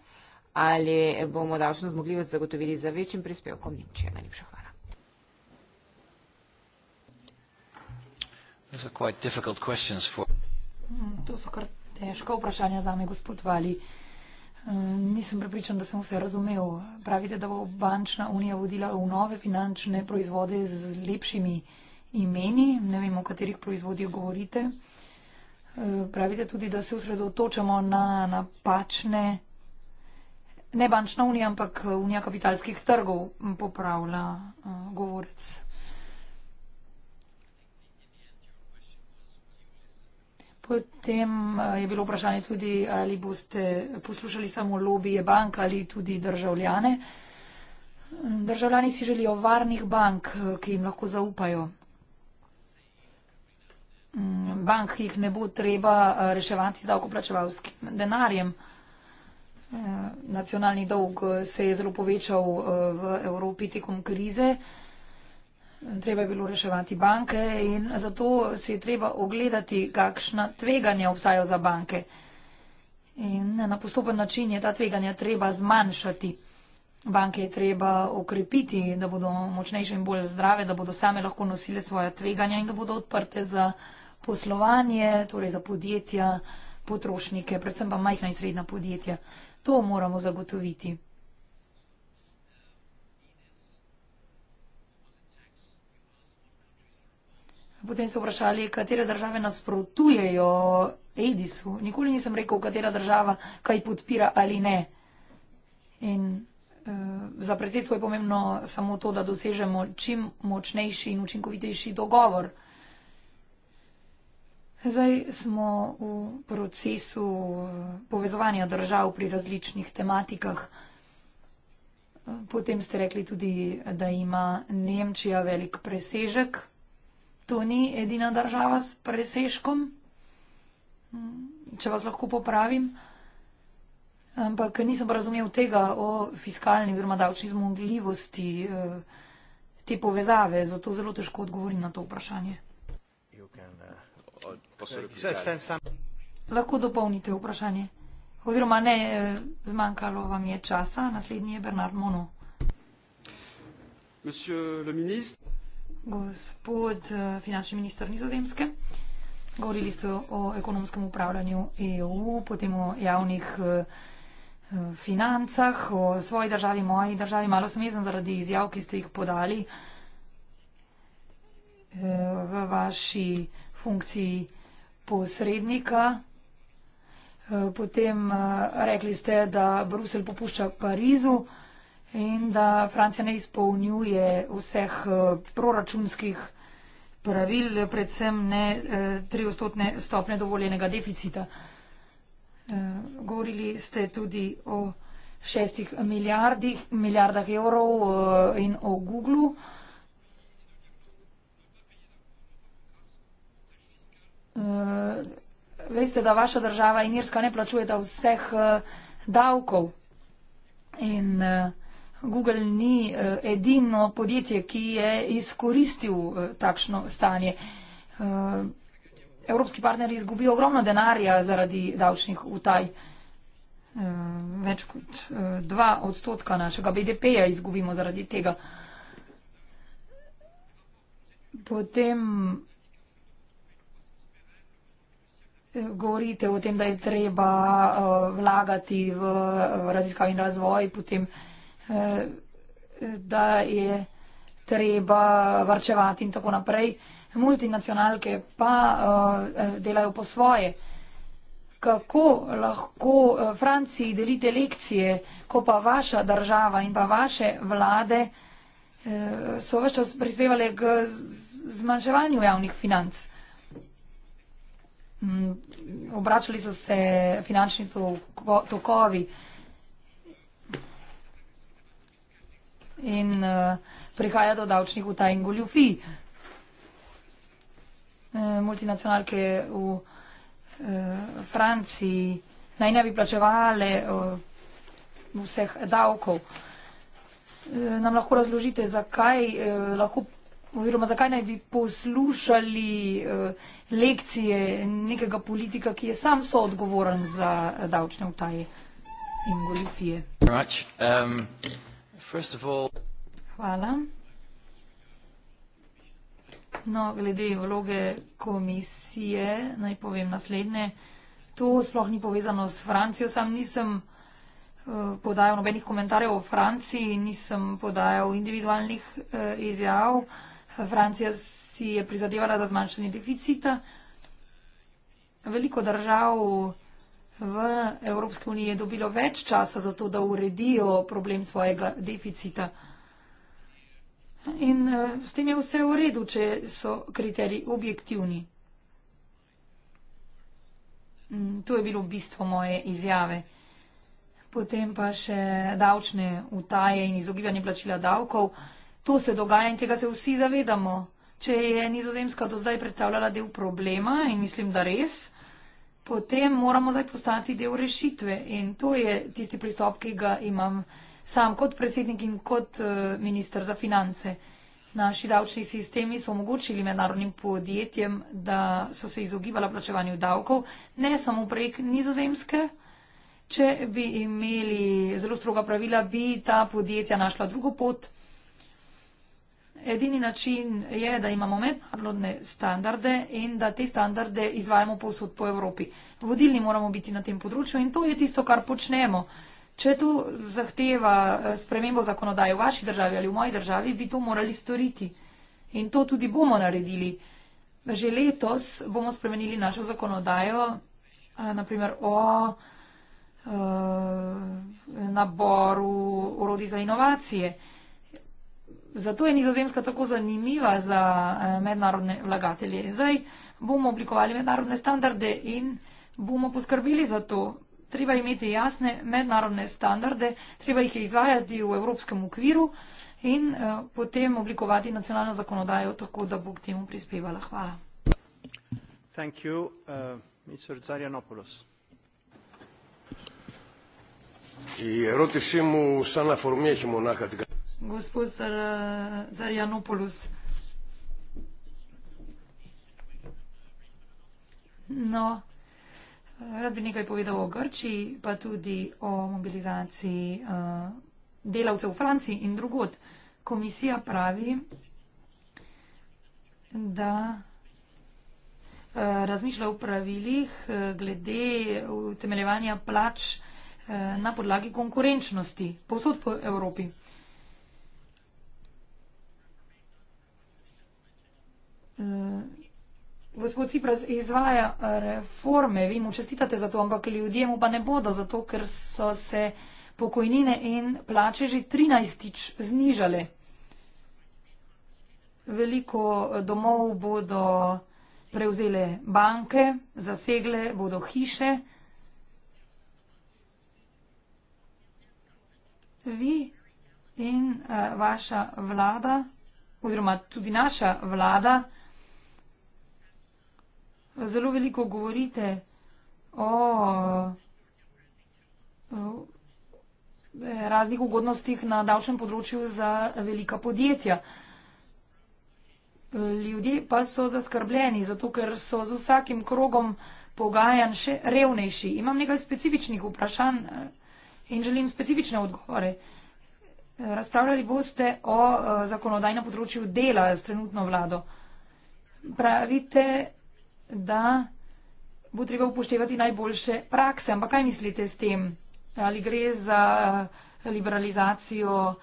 ali bomo davčno zmogljivost zagotovili za večjim prispevkom Nemčije. Najlepša hvala. Hmm, to so kar težko vprašanje za me, gospod Vali. Nisem prepričan, da sem vse razumel. Pravite, da bo bančna unija vodila v nove finančne proizvode z lepšimi imeni, ne vem, o katerih proizvodih govorite. E, pravite tudi, da se usredotočamo na napačne, ne bančna unija, ampak unija kapitalskih trgov, popravlja e, govorec. Potem eh, je bilo vprašanje tudi, ali boste poslušali samo lobije bank ali tudi državljane. Državljani si želijo varnih bank, eh, ki jim lahko zaupajo. Mm, bank, ki jih ne bo treba eh, reševati z davkoplačevalskim denarjem. Nacionalni dolg se je zelo povečal v Evropi tekom krize. Treba je bilo reševati banke in zato si je treba ogledati, kakšna tveganja obstajajo za banke. In na postopen način je ta tveganja treba zmanjšati. Banke je treba okrepiti, da bodo močnejše in bolj zdrave, da bodo same lahko nosile svoje tveganja in da bodo odprte za poslovanje, torej za podjetja, potrošnike, predvsem pa majhna in srednja podjetja. To moramo zagotoviti. Potem so vprašali, katere države nasprotujejo AIDS-u. Nikoli nisem rekel, katera država kaj podpira ali ne. In uh, za predsedstvo je pomembno samo to, da dosežemo čim močnejši in učinkovitejši dogovor. Zdaj smo v procesu eh, povezovanja držav pri različnih tematikah. Eh, potem ste rekli tudi, da ima Nemčija velik presežek to ni edina država s preseškom, če vas lahko popravim. Ampak nisem razumel tega o fiskalni oziroma davčni zmogljivosti eh, te povezave, zato zelo težko odgovorim na to vprašanje. Can, uh, lahko dopolnite vprašanje. Oziroma ne, eh, zmanjkalo vam je časa. Naslednji je Bernard Mono. Monsieur le ministre gospod eh, finančni minister Nizozemske. Govorili ste o ekonomskem upravljanju EU, potem o javnih eh, eh, financah, o svoji državi, moji državi. Malo sem jezen zaradi izjav, ki ste jih podali v vaši funkciji posrednika. Potem rekli ste, da Brusel popušča Parizu in da Francija ne izpolnjuje vseh eh, proračunskih pravil, predvsem ne eh, triostotne stopne dovoljenega deficita. Eh, govorili ste tudi o šestih milijardih, milijardah evrov in o Googlu. Veste, da vaša država in Irska ne plačujeta vseh davkov in uh, Google ni eh, edino podjetje, ki je izkoristil eh, takšno stanje. Eh, evropski partneri izgubijo ogromno denarja zaradi davčnih utaj. Več kot 2 odstotka našega BDP-ja izgubimo zaradi tega. Potem govorite o tem, da je treba vlagati v raziskav in razvoj, potem uh, Eh, da je treba varčevati in tako naprej. Multinacionalke pa eh, eh, delajo po svoje. Kako lahko Franciji delite lekcije, ko pa vaša država in pa vaše vlade so več čas prispevali k zmanjševanju javnih financ? Mm, obračali so se finančni tokovi. To in uh, prihaja do davčnih utaj in goljufij. Eh, multinacionalke v eh, Franciji naj ne bi plačevale eh, vseh davkov. Eh, nam lahko razložite, zakaj, eh, lahko, oziroma, zakaj naj bi poslušali eh, lekcije nekega politika, ki je sam soodgovoren za eh, davčne utaje in goljufije. Hvala. Um... Hvala. No, glede vloge komisije, naj povem naslednje. To sploh ni povezano s Francijo. Sam nisem eh, podajal nobenih komentarjev o Franciji, nisem podajal individualnih eh, izjav. Francija si je prizadevala za zmanjšanje deficita. Veliko držav v Evropski uniji je dobilo več časa za to, da uredijo problem svojega deficita. In eh, s tem je vse v redu, če so kriteriji objektivni. Mm, to je bilo bistvo moje izjave. Potem pa še davčne utaje in izogibanje plačila davkov. To se dogaja in tega se vsi zavedamo. Če je nizozemska do zdaj predstavljala del problema in mislim, da res, potem moramo zdaj postati del rešitve. In to je tisti pristop, ki ga imam sam kot predsednik in kot eh, minister za finance. Naši davčni sistemi so omogočili mednarodnim podjetjem, da so se izogibala plačevanju davkov, ne samo prek nizozemske. Če bi imeli zelo stroga pravila, bi ta podjetja našla drugo pot. Edini način je, da imamo mednarodne standarde in da te standarde izvajamo povsod po Evropi. Vodilni moramo biti na tem področju in to je tisto, kar počnemo. Če to zahteva eh, spremembo zakonodaje v vaši državi ali v moji državi, bi to morali storiti. In to tudi bomo naredili. Že letos bomo spremenili našo zakonodajo, eh, naprimer o uh, naboru urodi za inovacije. Uh, zato je nizozemska tako zanimiva za eh, mednarodne vlagatelje. Zdaj bomo oblikovali mednarodne standarde in bomo poskrbeli za to. Treba imeti jasne mednarodne standarde, treba jih izvajati v evropskem okviru in eh, potem oblikovati nacionalno zakonodajo tako, da bo k temu prispevala. Hvala. Thank you, uh, Η ερώτησή μου σαν αφορμή έχει μονάχα την κατάσταση gospod Zarjanopoulos. No, rad bi nekaj povedal o Grčiji, pa tudi o mobilizaciji eh, delavcev v Franciji in drugod. Komisija pravi, da eh, razmišlja o pravilih eh, glede utemeljevanja plač na podlagi konkurenčnosti povsod po Evropi. Eh, gospod Cipras izvaja reforme, vi mu čestitate za to, ampak ljudje mu pa ne bodo, zato ker so se pokojnine in plače že 13. znižale. Veliko domov bodo prevzele banke, zasegle bodo hiše. Vi in eh, vaša vlada oziroma tudi naša vlada Zelo veliko govorite o, o raznih ugodnostih na davčnem področju za velika podjetja. Ljudje pa so zaskrbljeni, zato ker so z vsakim krogom pogajan še revnejši. Imam nekaj specifičnih vprašanj eh, in želim specifične odgovore. Razpravljali boste o eh, zakonodajnem področju dela s trenutno vlado. Pravite, da bo treba upoštevati najboljše prakse. Ampak kaj mislite s tem? Ali gre za eh, liberalizacijo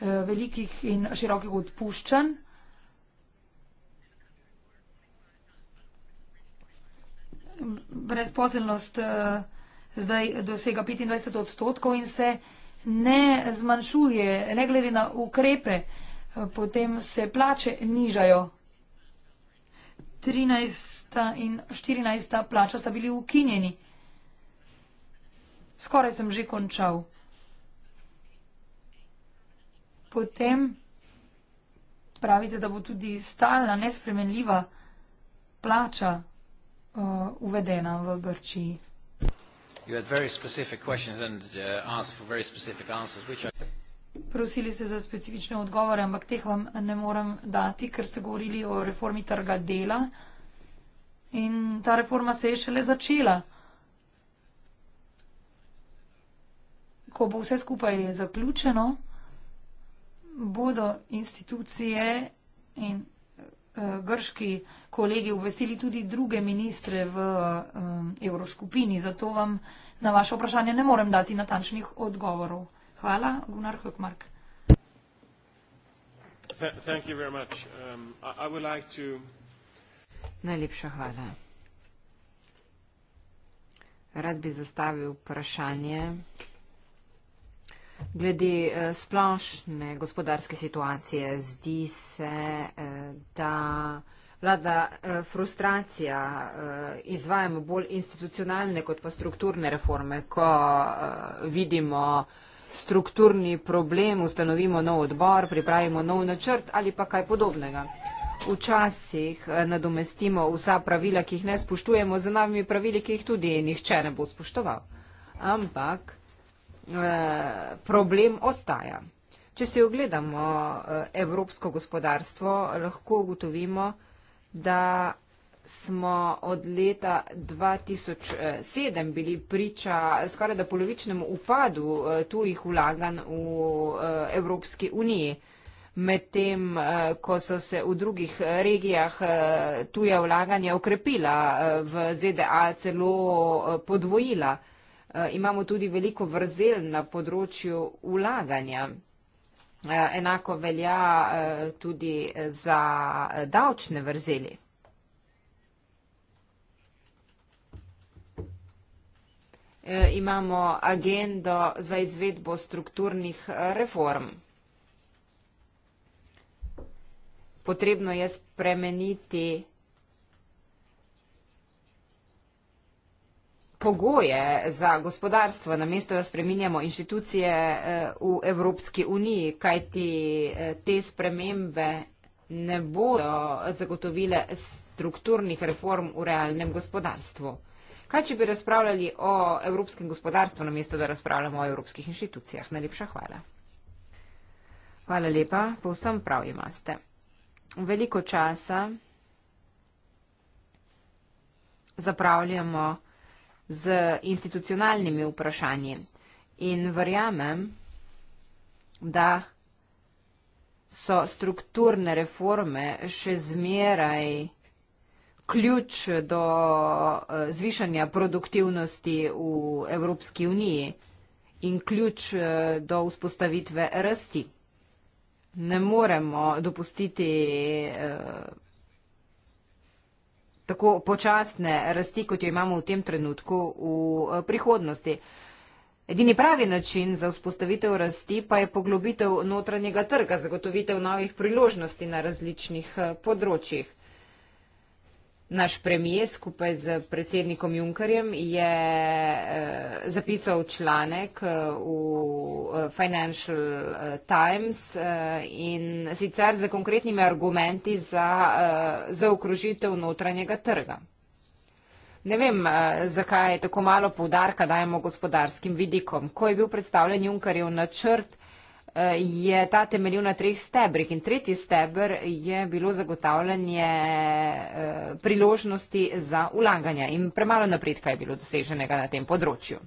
eh, velikih in širokih odpuščanj? Brezposelnost eh, zdaj dosega 25 odstotkov in se ne zmanjšuje, ne glede na ukrepe, potem se plače nižajo. 13 trinajsta in štirinajsta plača sta bili ukinjeni. Skoraj sem že končal. Potem pravite, da bo tudi stalna, nespremenljiva plača uh, uvedena v Grčiji. Uh, Prosili ste za specifične odgovore, ampak teh vam ne morem dati, ker ste govorili o reformi trga dela. Uh, In ta reforma se je šele začela. Ko bo vse skupaj zaključeno, bodo institucije in uh, grški kolegi obvestili tudi druge ministre v um, Evroskupini. Zato vam na vaše vprašanje ne morem dati natančnih odgovorov. Hvala, Gunnar Hökmark. Th thank you very much. Um, I, I would like to Najlepša hvala. Rad bi zastavil vprašanje glede eh, splošne gospodarske situacije. Zdi se, eh, da vlada eh, frustracija, izvajamo bolj institucionalne kot pa strukturne reforme, ko vidimo strukturni problem, ustanovimo nov odbor, pripravimo nov načrt ali pa kaj podobnega včasih eh, nadomestimo vsa pravila, ki jih ne spoštujemo, z novimi pravili, ki jih tudi nihče ne bo spoštoval. Ampak eh, problem ostaja. Če si ogledamo eh, evropsko gospodarstvo, lahko ugotovimo, da smo od leta 2007 bili priča skoraj da polovičnemu upadu tujih vlaganj v Evropski uniji medtem eh, ko so se v drugih eh, regijah eh, tuja vlaganja okrepila, v ZDA celo podvojila. Imamo tudi veliko vrzel na področju vlaganja. Enako velja tudi za davčne vrzeli. Imamo agendo za izvedbo strukturnih reform. potrebno je spremeniti pogoje za gospodarstvo, namesto da spreminjamo inštitucije eh, v Evropski uniji, kajti eh, te spremembe ne bodo zagotovile strukturnih reform v realnem gospodarstvu. Kaj, če bi razpravljali o evropskem gospodarstvu, namesto da razpravljamo o evropskih inštitucijah? Najlepša hvala. Hvala lepa, povsem prav imate veliko časa zapravljamo z institucionalnimi vprašanji in verjamem, da so strukturne reforme še zmeraj ključ do eh, zvišanja produktivnosti v Evropski uniji in ključ eh, do vzpostavitve rasti ne moremo dopustiti eh, tako počasne rasti, kot jo imamo v tem trenutku v eh, prihodnosti. Edini pravi način za vzpostavitev rasti pa je poglobitev notranjega trga, zagotovitev novih priložnosti na različnih eh, področjih. Naš premijer skupaj z predsednikom Junkerjem je eh, zapisal članek eh, v eh, Financial Times in sicer za konkretnimi argumenti za zaokrožitev notranjega trga. Ne vem, zakaj tako malo povdarka dajemo gospodarskim vidikom. Ko je bil predstavljen Junkerjev načrt, je ta temeljil na treh stebrih in tretji stebr je bilo zagotavljanje eh, priložnosti za ulaganja in premalo napredka je bilo doseženega na tem področju.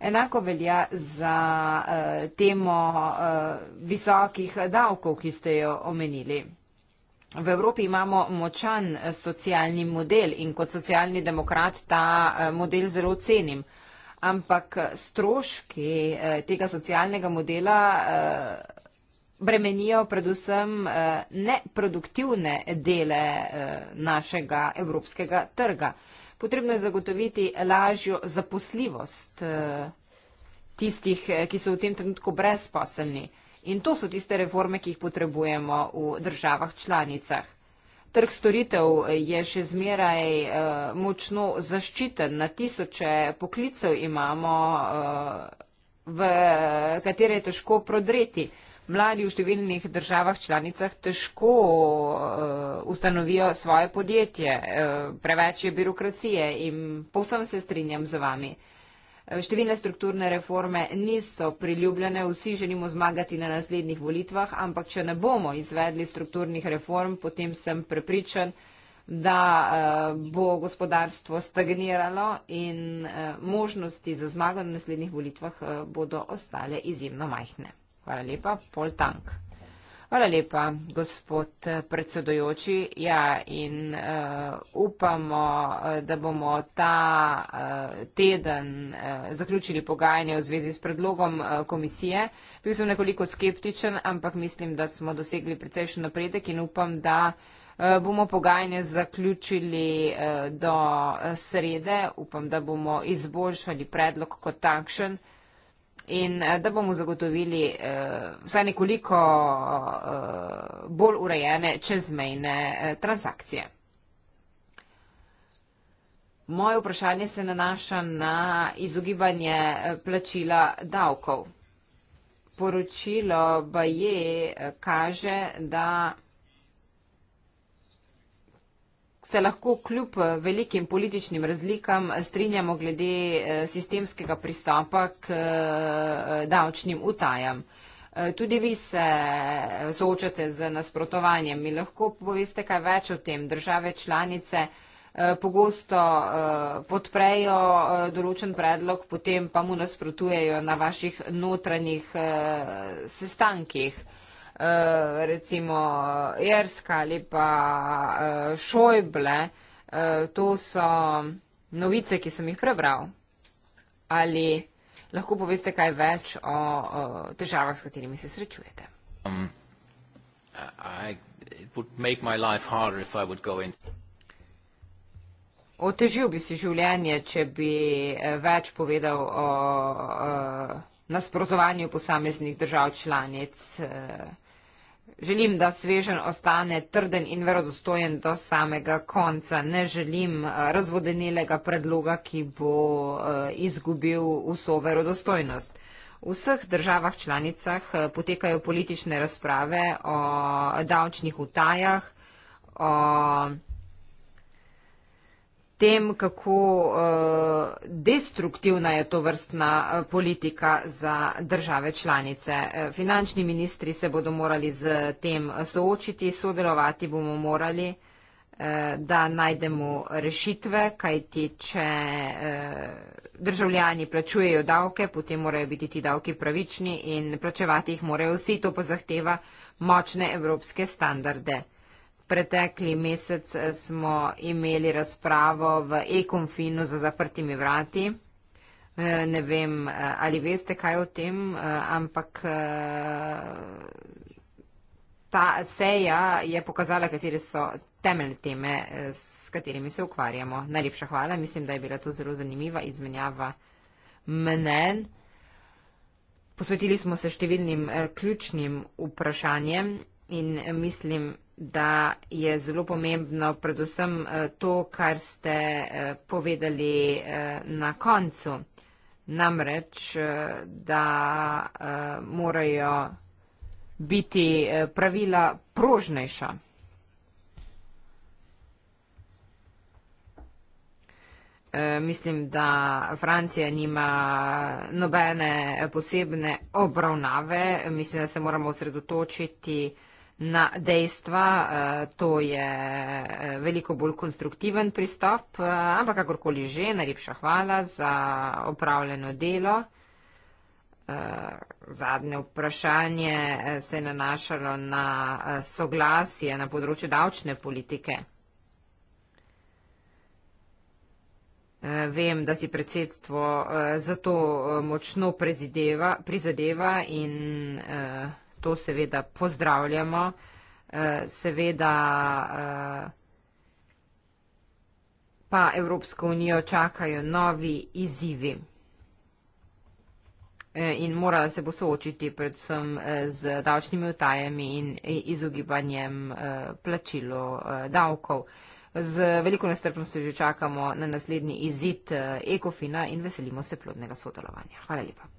Enako velja za eh, temo eh, visokih davkov, ki ste jo omenili. V Evropi imamo močan socialni model in kot socialni demokrat ta model zelo cenim ampak eh, stroški eh, tega socialnega modela eh, bremenijo predvsem neproduktivne dele našega evropskega trga. Potrebno je zagotoviti lažjo zaposljivost tistih, ki so v tem trenutku brezposelni. In to so tiste reforme, ki jih potrebujemo v državah članicah. Trg storitev eh, je še zmeraj uh, močno zaščiten. Na tisoče poklicev imamo, uh, v katere je težko prodreti. Mladi v številnih državah članicah težko uh, ustanovijo svoje podjetje. Uh, preveč je birokracije in povsem se strinjam z vami. Uh, Eh, številne strukturne reforme niso priljubljene, vsi želimo zmagati na naslednjih volitvah, ampak če ne bomo izvedli strukturnih reform, potem sem prepričan, da eh, bo gospodarstvo stagniralo in eh, možnosti za zmago na naslednjih volitvah bodo ostale izjemno majhne. Hvala lepa, Pol Tank. Hvala lepa, gospod eh, predsedojoči. Ja, in uh, upamo, eh, da bomo ta uh, teden uh, zaključili pogajanje v zvezi s predlogom uh, komisije. Bil sem nekoliko skeptičen, ampak mislim, da smo dosegli precejšen napredek in upam, da uh, bomo pogajanje zaključili uh, do srede. Upam, da bomo izboljšali predlog kot takšen in eh, da bomo zagotovili eh, vsaj nekoliko eh, bolj urejene čezmejne eh, transakcije. Moje vprašanje se nanaša na izogibanje eh, plačila davkov. Poročilo Baje eh, kaže, da se lahko kljub eh, velikim političnim razlikam strinjamo glede eh, sistemskega pristopa k eh, davčnim utajam. Tudi vi se soočate z nasprotovanjem. Mi lahko poveste kaj več o tem. Države članice pogosto podprejo določen predlog, potem pa mu nasprotujejo na vaših notranjih sestankih. Eh, recimo Jerska ali pa Šojble, eh, eh, to so novice, ki sem jih prebral. Ali lahko poveste kaj več o težavah, s katerimi se srečujete? Um, Otežil bi si življenje, če bi več povedal o nasprotovanju posameznih držav članic. Želim, da svežen ostane trden in verodostojen do samega konca. Ne želim eh, razvodenelega predloga, ki bo eh, izgubil vso verodostojnost. V vseh državah članicah eh, potekajo politične razprave o davčnih utajah, o tem, kako eh, destruktivna je to vrstna eh, politika za države članice. Eh, finančni ministri se bodo morali z tem soočiti, sodelovati bomo morali, da najdemo rešitve, kajti če državljani plačujejo davke, potem morajo biti ti davki pravični in plačevati jih morajo vsi, to pa zahteva močne evropske standarde. Pretekli mesec eh, smo imeli razpravo v e-konfinu za zaprtimi vrati. Eh, ne vem, eh, ali veste kaj o tem, ampak ta seja je pokazala, katere so temeljne teme, s katerimi se ukvarjamo. Najlepša hvala, mislim, da je bila to zelo zanimiva izmenjava mnen. Posvetili smo se številnim ključnim vprašanjem in mislim, da je zelo pomembno predvsem eh, to, kar ste eh, povedali eh, na koncu. Namreč, da morajo biti pravila prožnejša. Mislim, da Francija nima nobene posebne obravnave. Mislim, da se moramo osredotočiti na dejstva, eh, to je eh, veliko bolj konstruktiven pristop, eh, ampak kakorkoli že, najlepša hvala za opravljeno delo. Zadnje vprašanje se je nanašalo na soglasje na področju davčne politike. Vem, da si predsedstvo zato močno prizadeva in to seveda pozdravljamo. Eh, seveda eh, pa Evropsko unijo čakajo novi izzivi eh, in morala se bo soočiti predvsem z davčnimi utajami in izogibanjem plačilo davkov. Z veliko nestrpnostjo že čakamo na naslednji izid Ekofina in veselimo se plodnega sodelovanja. Hvala lepa.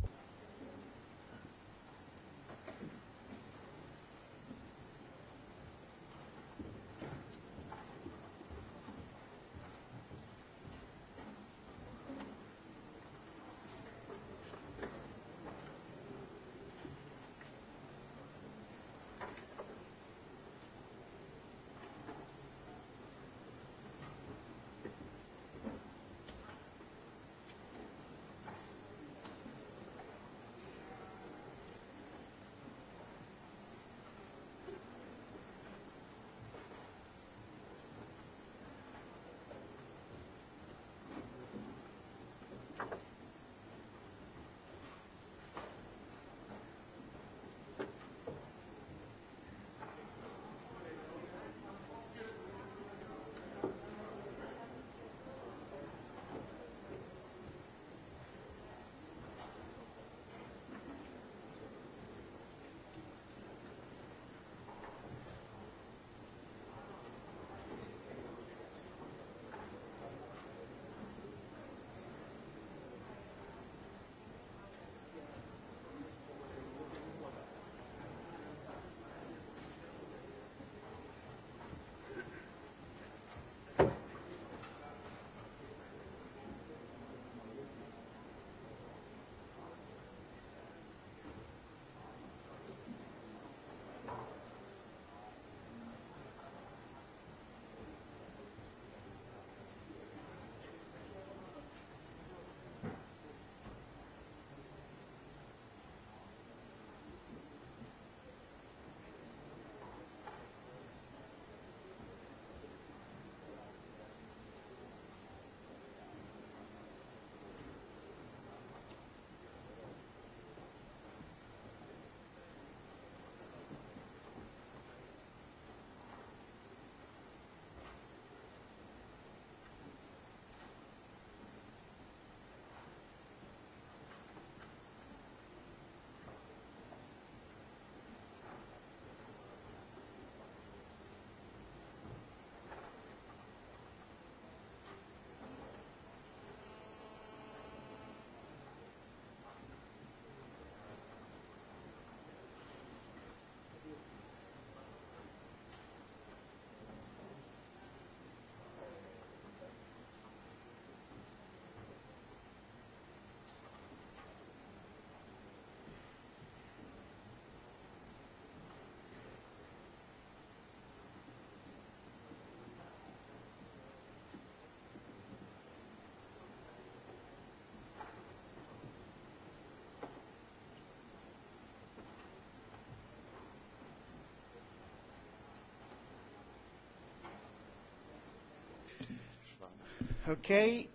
Okay.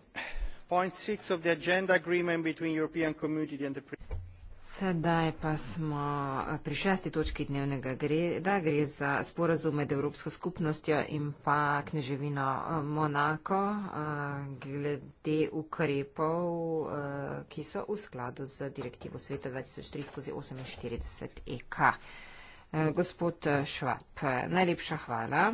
Point six of the agenda agreement between European Community and the Sedaj pa smo eh, pri šesti točki dnevnega reda, gre za sporazum med Evropsko skupnostjo in pa kneževino eh, Monako eh, glede ukrepov, ki so v skladu z direktivo sveta 2003-48 EK. Gospod Švab, najlepša hvala.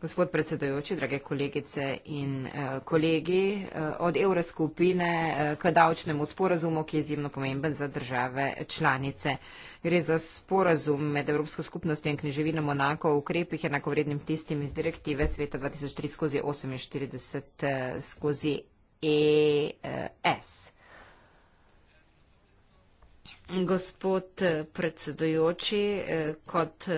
Gospod predsedujoči, drage kolegice in uh, kolegi, uh, od evroskupine uh, k davčnemu sporazumu, ki je izjemno pomemben za države članice. Gre za sporazum med Evropsko skupnostjo in knježevino Monako o ukrepih enakovrednim tistim iz direktive sveta 2003-48-ES. E Gospod predsedujoči, kot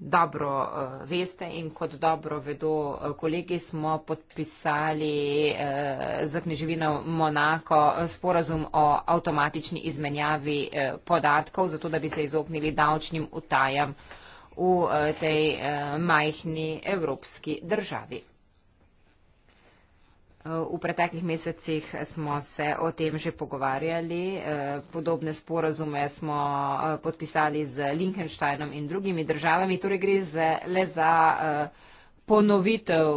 dobro eh, veste in kot dobro vedo eh, kolegi, smo podpisali eh, za knježevino Monako sporazum o avtomatični izmenjavi podatkov, zato da bi se izognili davčnim utajam v tej majhni evropski državi. V preteklih mesecih smo se o tem že pogovarjali. Eh, podobne sporazume smo eh, podpisali z Linkensteinom in drugimi državami. Torej gre za, le za eh, ponovitev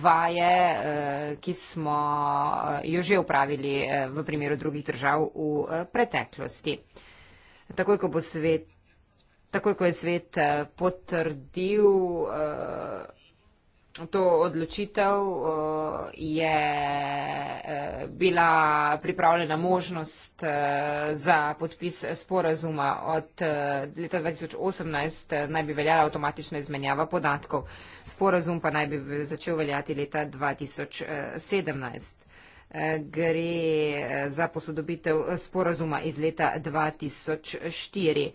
vaje, ki smo jo že upravili v primeru drugih držav v preteklosti. Takoj, ko, bo svet, takoj, ko je svet potrdil. To odločitev eh, je eh, bila pripravljena možnost eh, za podpis sporazuma. Od leta 2018 naj bi veljala avtomatična izmenjava podatkov, sporazum pa naj bi začel veljati leta 2017. Gre za posodobitev sporazuma iz leta 2004.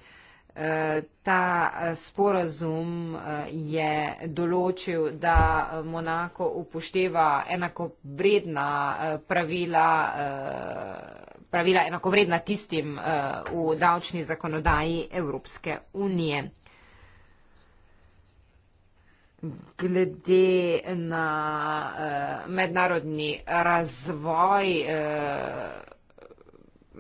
Ta eh, sporazum eh, je določil, da Monako upošteva enakovredna eh, pravila, pravila enakovredna tistim v davčni zakonodaji Evropske unije. Glede na mednarodni razvoj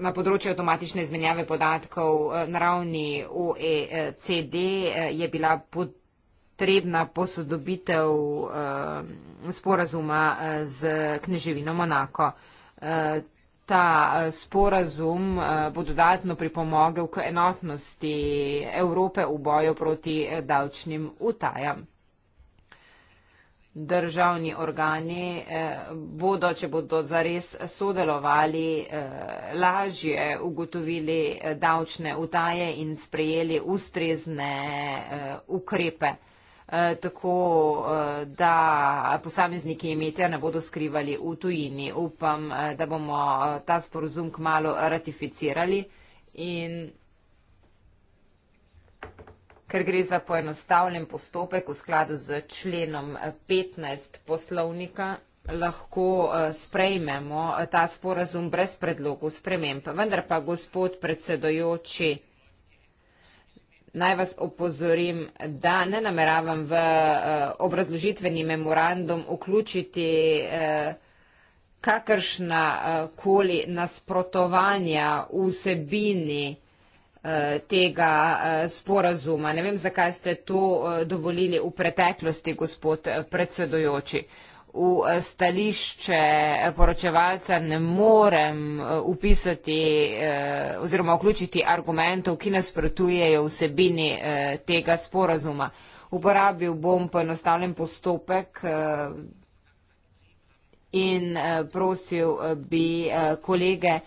na področju avtomatične izmenjave podatkov eh, na ravni OECD eh, je bila potrebna posodobitev eh, sporazuma z Kneževino Monako. Ta sporazum bo dodatno pripomogel k enotnosti Evrope v boju proti davčnim utajam državni organi eh, bodo, če bodo zares sodelovali, eh, lažje ugotovili eh, davčne utaje in sprejeli ustrezne ukrepe. Tako da posamezniki imetja ne bodo skrivali v tujini. Upam, da bomo ta sporozum k malu ratificirali. In ker gre za poenostavljen postopek v skladu z členom 15 eh, poslovnika lahko eh, sprejmemo eh, ta sporazum brez predlogov sprememb. Vendar pa, gospod predsedojoči, naj vas opozorim, da ne nameravam v obrazložitveni memorandum vključiti kakršna koli nasprotovanja vsebini sprememb tega eh, sporazuma. Ne vem, zakaj ste to eh, dovolili v preteklosti, gospod eh, predsedujoči. V stališče poročevalca ne morem upisati oziroma vključiti argumentov, ki nasprotujejo vsebini tega sporazuma. Uporabil bom poenostavljen postopek in prosil bi kolege,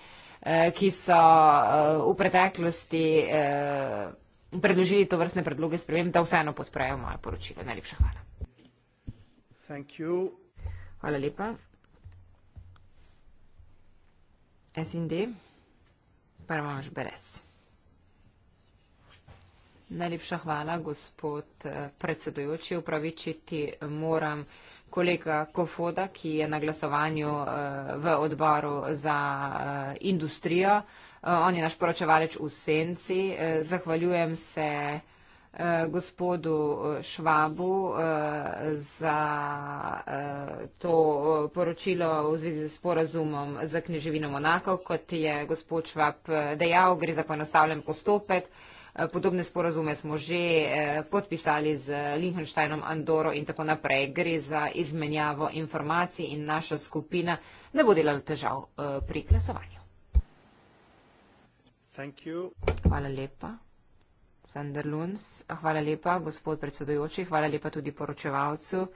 Eh, ki so eh, v preteklosti eh, predložili to vrstne predloge spremem, da vseeno podprejo moje poročilo. Najlepša hvala. Thank you. Hvala lepa. SND, Parmanž Beres. Najlepša hvala, gospod predsedujoči. Upravičiti moram kolega Kofoda, ki je na glasovanju eh, v odboru za eh, industrijo. Eh, on je naš poročevalec v senci. Zahvaljujem se gospodu Švabu za to poročilo v zvezi z sporazumom za kneževino Monako. Kot je gospod Švab dejal, gre za poenostavljen postopek. Eh, podobne sporazume smo že eh, podpisali z Lihensteinom, Andoro in tako naprej. Gre za izmenjavo informacij in naša skupina ne bo delala težav eh, pri glasovanju. Hvala lepa. Sander Luns, hvala lepa, gospod predsedujoči, hvala lepa tudi poročevalcu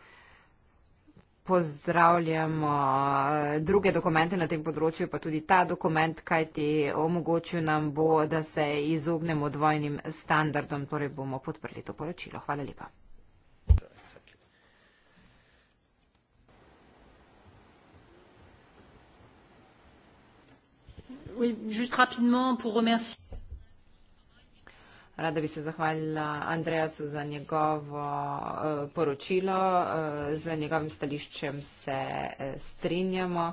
pozdravljamo eh, druge dokumente na tem področju, pa tudi ta dokument, kaj ti omogočil nam bo, da se izognemo dvojnim standardom, torej bomo podprli to poročilo. Hvala lepa. Oui, juste rapidement pour remercier. Rada bi se zahvalila Andreasu za njegovo eh, poročilo, eh, za njegovim stališčem se eh, strinjamo.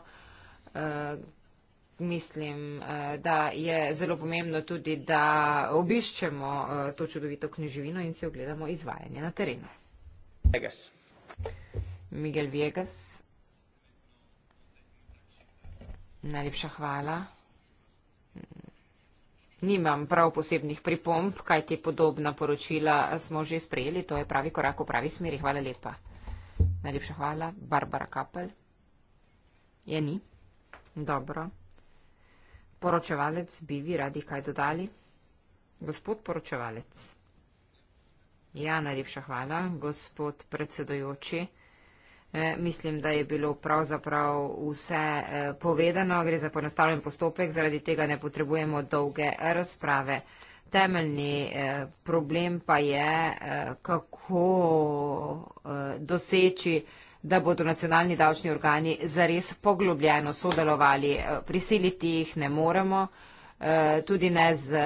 Mislim, da je zelo pomembno tudi, da obiščemo to čudovito književino in si ogledamo izvajanje na terenu. Vegas. Miguel Viegas. Najlepša hvala. Nimam prav posebnih pripomb, kaj ti podobna poročila smo že sprejeli. To je pravi korak v pravi smeri. Hvala lepa. Najlepša hvala. Barbara Kapel. Je ni? Dobro. Poročevalec, bi vi radi kaj dodali? Gospod poročevalec. Ja, najlepša hvala. Gospod predsedojoči. Eh, mislim, da je bilo pravzaprav vse eh, povedano, gre za ponastavljen postopek, zaradi tega ne potrebujemo dolge razprave. Temeljni eh, problem pa je, kako doseči, da bodo nacionalni davčni organi zares poglobljeno sodelovali. Prisiliti jih ne moremo, tudi ne z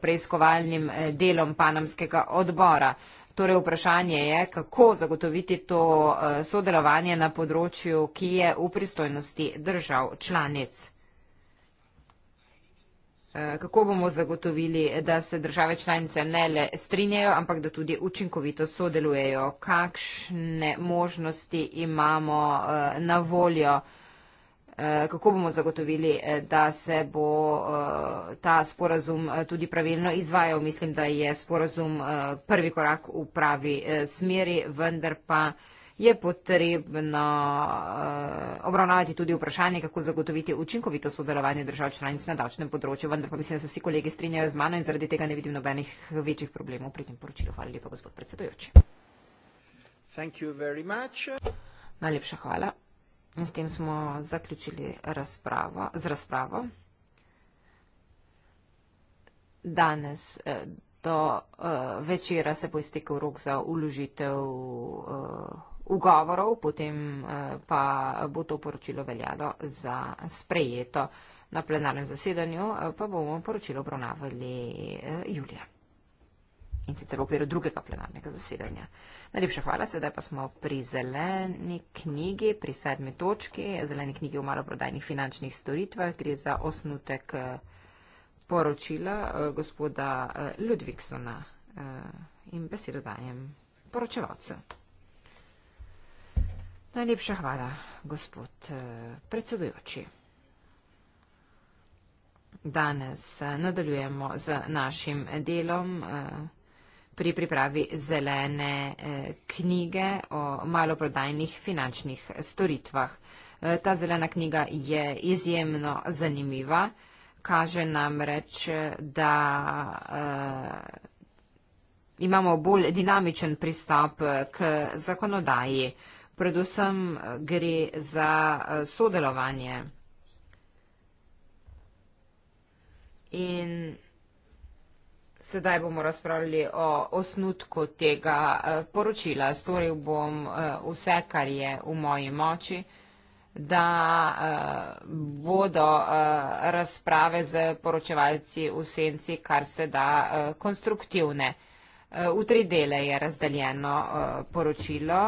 preiskovalnim delom panamskega odbora. Torej vprašanje je, kako zagotoviti to eh, sodelovanje na področju, ki je v pristojnosti držav članic. Eh, kako bomo zagotovili, da se države članice ne le strinjajo, ampak da tudi učinkovito sodelujejo? Kakšne možnosti imamo eh, na voljo? Eh, kako bomo zagotovili, eh, da se bo eh, ta sporazum tudi pravilno izvajal. Mislim, da je sporazum prvi korak v pravi smeri, vendar pa je potrebno obravnavati tudi vprašanje, kako zagotoviti učinkovito sodelovanje držav članic na davčnem področju. Vendar pa mislim, da se vsi kolegi strinjajo z mano in zaradi tega ne vidim nobenih večjih problemov pri tem poročilu. Hvala lepa, gospod predsedujoči. Najlepša hvala. In s tem smo zaključili razpravo, z razpravo. Danes eh, do eh, večera se bo iztekel rok za uložitev eh, ugovorov, potem pa bo to poročilo veljalo za sprejeto. Na plenarnem zasedanju pa bomo poročilo obravnavali julija in sicer v okviru drugega plenarnega zasedanja. Najlepša hvala, sedaj pa smo pri zeleni knjigi, pri sedmi točki, zeleni knjigi o maloprodajnih finančnih storitvah, gre za osnutek eh, poročila eh, gospoda eh, Ludviksona in besedo dajem poročevalce. Najlepša hvala, gospod predsedujoči. Danes nadaljujemo z našim delom. Uh pri pripravi zelene eh, knjige o maloprodajnih finančnih storitvah. Eh, ta zelena knjiga je izjemno zanimiva, kaže namreč, da eh, imamo bolj dinamičen pristop eh, k zakonodaji. Predvsem gre za sodelovanje. In Sedaj bomo razpravljali o osnutku tega eh, poročila. Storil bom eh, vse, kar je v moji moči, da eh, bodo razprave z poročevalci v senci kar se da konstruktivne. V tri dele je razdeljeno poročilo.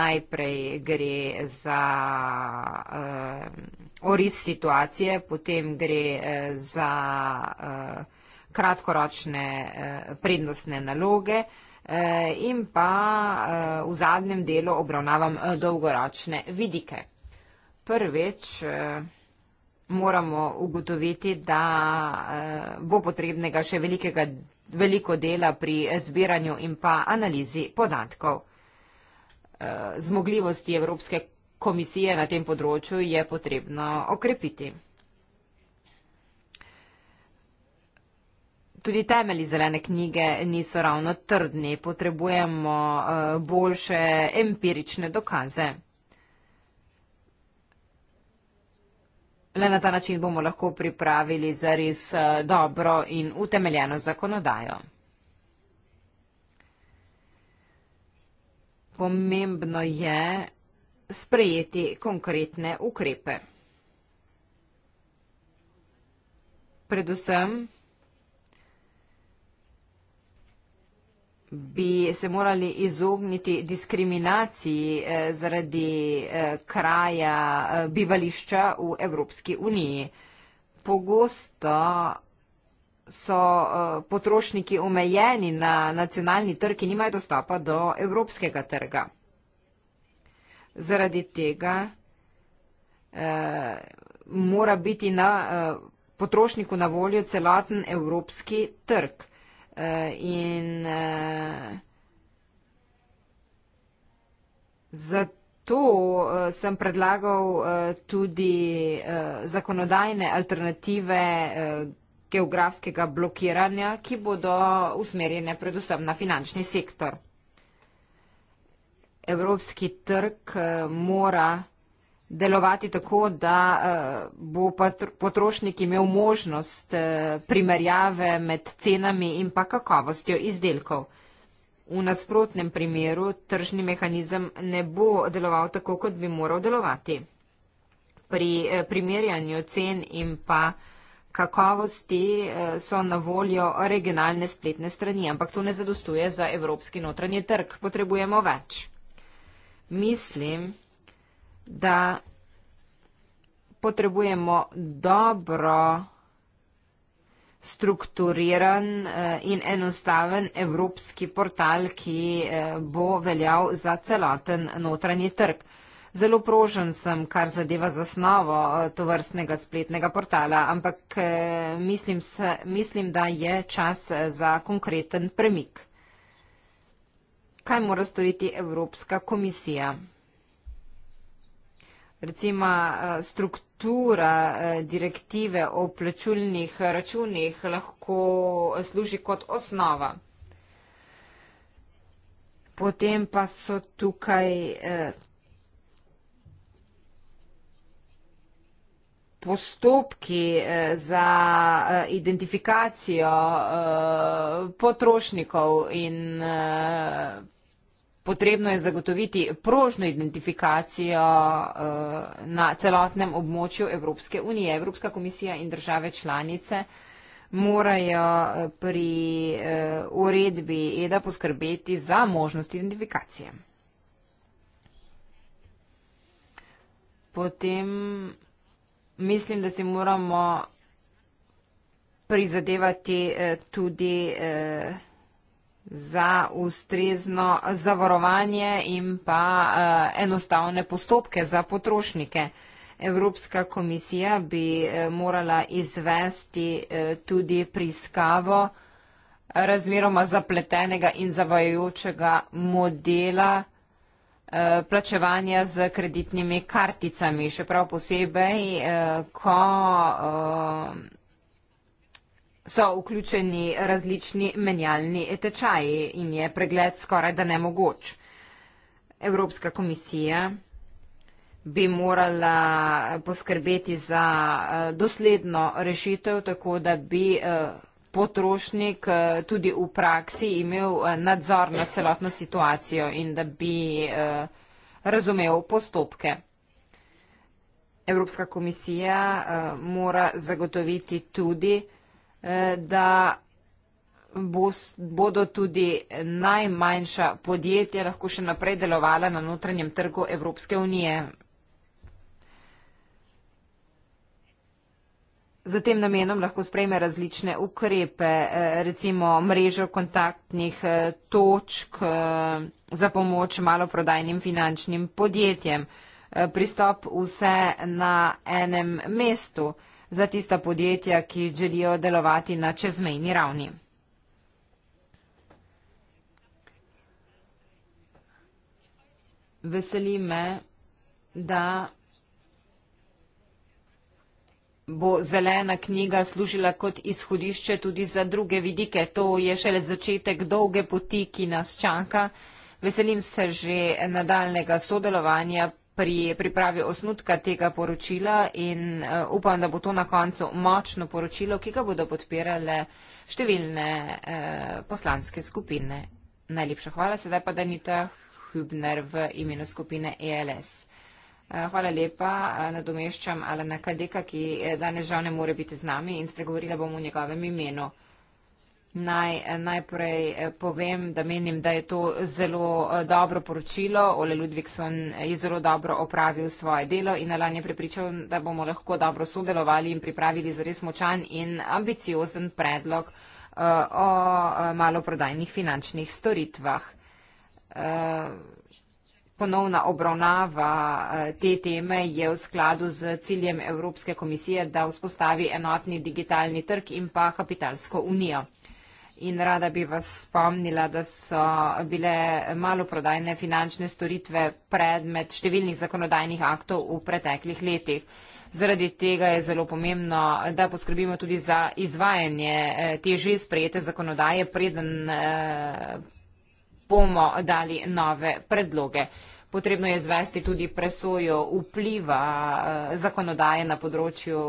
Najprej gre za oris situacije, potem gre za kratkoročne eh, prednostne naloge eh, in pa eh, v zadnjem delu obravnavam dolgoročne vidike. Prvič moramo ugotoviti, da bo potrebnega še velikega, veliko dela pri zbiranju in pa analizi podatkov. Zmogljivosti Evropske komisije na tem področju je potrebno okrepiti. tudi temeli zelene knjige niso ravno trdni, potrebujemo eh, boljše empirične dokaze. Le na ta način bomo lahko pripravili zares eh, dobro in utemeljeno zakonodajo. Pomembno je sprejeti konkretne ukrepe. Predvsem bi se morali izogniti diskriminaciji eh, zaradi eh, kraja eh, bivališča v Evropski uniji. Pogosto so potrošniki omejeni na nacionalni trg in imajo dostopa do evropskega trga. Zaradi tega eh, mora biti na eh, potrošniku na voljo celoten evropski trg. Eh, in eh, zato To uh, eh, sem predlagal uh, tudi uh, zakonodajne alternative uh, geografskega blokiranja, ki bodo usmerjene predvsem na finančni sektor. Evropski trg uh, mora delovati tako, da eh, bo potrošnik imel možnost eh, primerjave med cenami in pa kakovostjo izdelkov. V nasprotnem primeru tržni mehanizem ne bo deloval tako, kot bi moral delovati. Pri eh, primerjanju cen in pa kakovosti so na voljo regionalne spletne strani, ampak to ne zadostuje za evropski notranji trg. Potrebujemo več. Mislim, da potrebujemo dobro strukturiran eh, in enostaven evropski portal, ki eh, bo veljal za celoten notranji trg. Zelo prožen sem, kar zadeva zasnovo eh, to vrstnega spletnega portala, ampak mislim, se, mislim, da je čas za konkreten premik. Kaj mora storiti Evropska komisija? recimo eh, struktura eh, direktive o plačulnih računih lahko služi kot osnova. Potem pa so tukaj eh, postopki za identifikacijo potrošnikov in potrošnikov Potrebno je zagotoviti prožno identifikacijo eh, na celotnem območju Evropske unije. Evropska komisija in države članice morajo eh, pri eh, uredbi EDA poskrbeti za možnost identifikacije. Potem mislim, da si moramo prizadevati tudi vsega, za ustrezno zavarovanje in pa uh, enostavne postopke za potrošnike. Evropska komisija bi eh, morala izvesti eh, tudi priskavo razmeroma zapletenega in zavajajočega modela plačevanja z kreditnimi karticami, še prav posebej, ko so vključeni različni menjalni tečaji in je pregled skoraj da nemogoč. Evropska komisija bi morala poskrbeti za eh, dosledno rešitev, tako da bi eh, potrošnik eh, tudi v praksi imel nadzor na celotno situacijo in da bi razumel postopke. Evropska komisija mora zagotoviti tudi, Eh, da bos, bodo tudi najmanjša podjetja lahko še naprej delovala na notranjem trgu Evropske unije. Za tem namenom lahko sprejme različne ukrepe, eh, recimo mrežo kontaktnih eh, točk za pomoč maloprodajnim finančnim podjetjem, pristop vse na enem mestu za tista podjetja, ki želijo delovati na čezmejni ravni. Veseli me, da bo zelena knjiga služila kot izhodišče tudi za druge vidike. To je šele začetek dolge poti, ki nas čaka. Veselim se že nadaljnega sodelovanja pri pripravi osnutka tega poročila in eh, upam, da bo to na koncu močno poročilo, ki ga bodo podpirale številne eh, poslanske skupine. Najlepša hvala, sedaj pa Danita Hübner v imenu skupine ELS. Eh, hvala lepa, nadomeščam Alena Kadeka, ki danes žal ne more biti z nami in spregovorila bom v njegovem imenu. Naj eh, najprej eh, povem, da menim, da je to eh, zelo dobro poročilo. Ole Ludvikson je zelo dobro opravil svoje delo in Alan je prepričal, da bomo lahko dobro sodelovali in pripravili zares močan in ambiciozen predlog o maloprodajnih finančnih storitvah. Ponovna obravnava te teme je v skladu z ciljem Evropske komisije, da vzpostavi enotni digitalni trg in pa kapitalsko unijo in rada bi vas spomnila, da so bile maloprodajne finančne storitve predmet številnih zakonodajnih aktov v preteklih letih. Zaradi tega je zelo pomembno, da poskrbimo tudi za izvajanje eh, te že sprejete zakonodaje, preden eh, bomo dali nove predloge. Potrebno je izvesti tudi presojo vpliva eh, zakonodaje na področju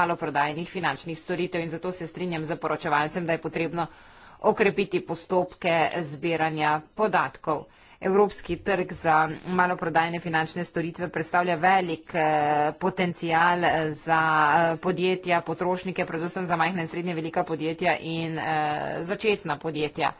maloprodajnih finančnih storitev in zato se strinjam z poročevalcem, da je potrebno okrepiti postopke zbiranja podatkov. Evropski trg za maloprodajne finančne storitve predstavlja velik eh, potencial eh, za eh, podjetja, potrošnike, predvsem za majhne in srednje velika podjetja in začetna podjetja.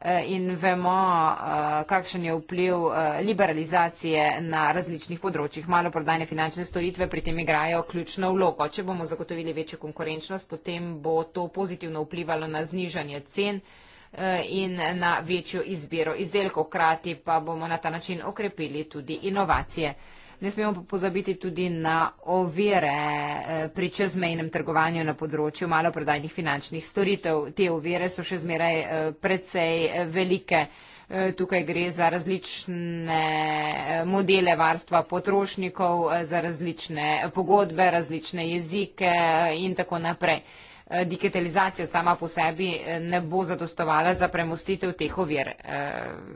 Eh, in vemo, eh, kakšen je vpliv eh, liberalizacije na različnih področjih. Maloprodajne finančne storitve pri tem igrajo ključno vlogo. Če bomo zagotovili večjo konkurenčnost, potem bo to pozitivno vplivalo na znižanje cen in na večjo izbiro izdelkov, krati pa bomo na ta način okrepili tudi inovacije. Ne smemo pa pozabiti tudi na ovire eh, pri čezmejnem trgovanju na področju maloprodajnih finančnih storitev. Te ovire so še zmeraj eh, precej eh, velike. Tukaj gre za različne modele varstva potrošnikov, za različne pogodbe, različne jezike in tako naprej. Eh, digitalizacija sama po sebi eh, ne bo zadostovala za premustitev teh ovir. Eh,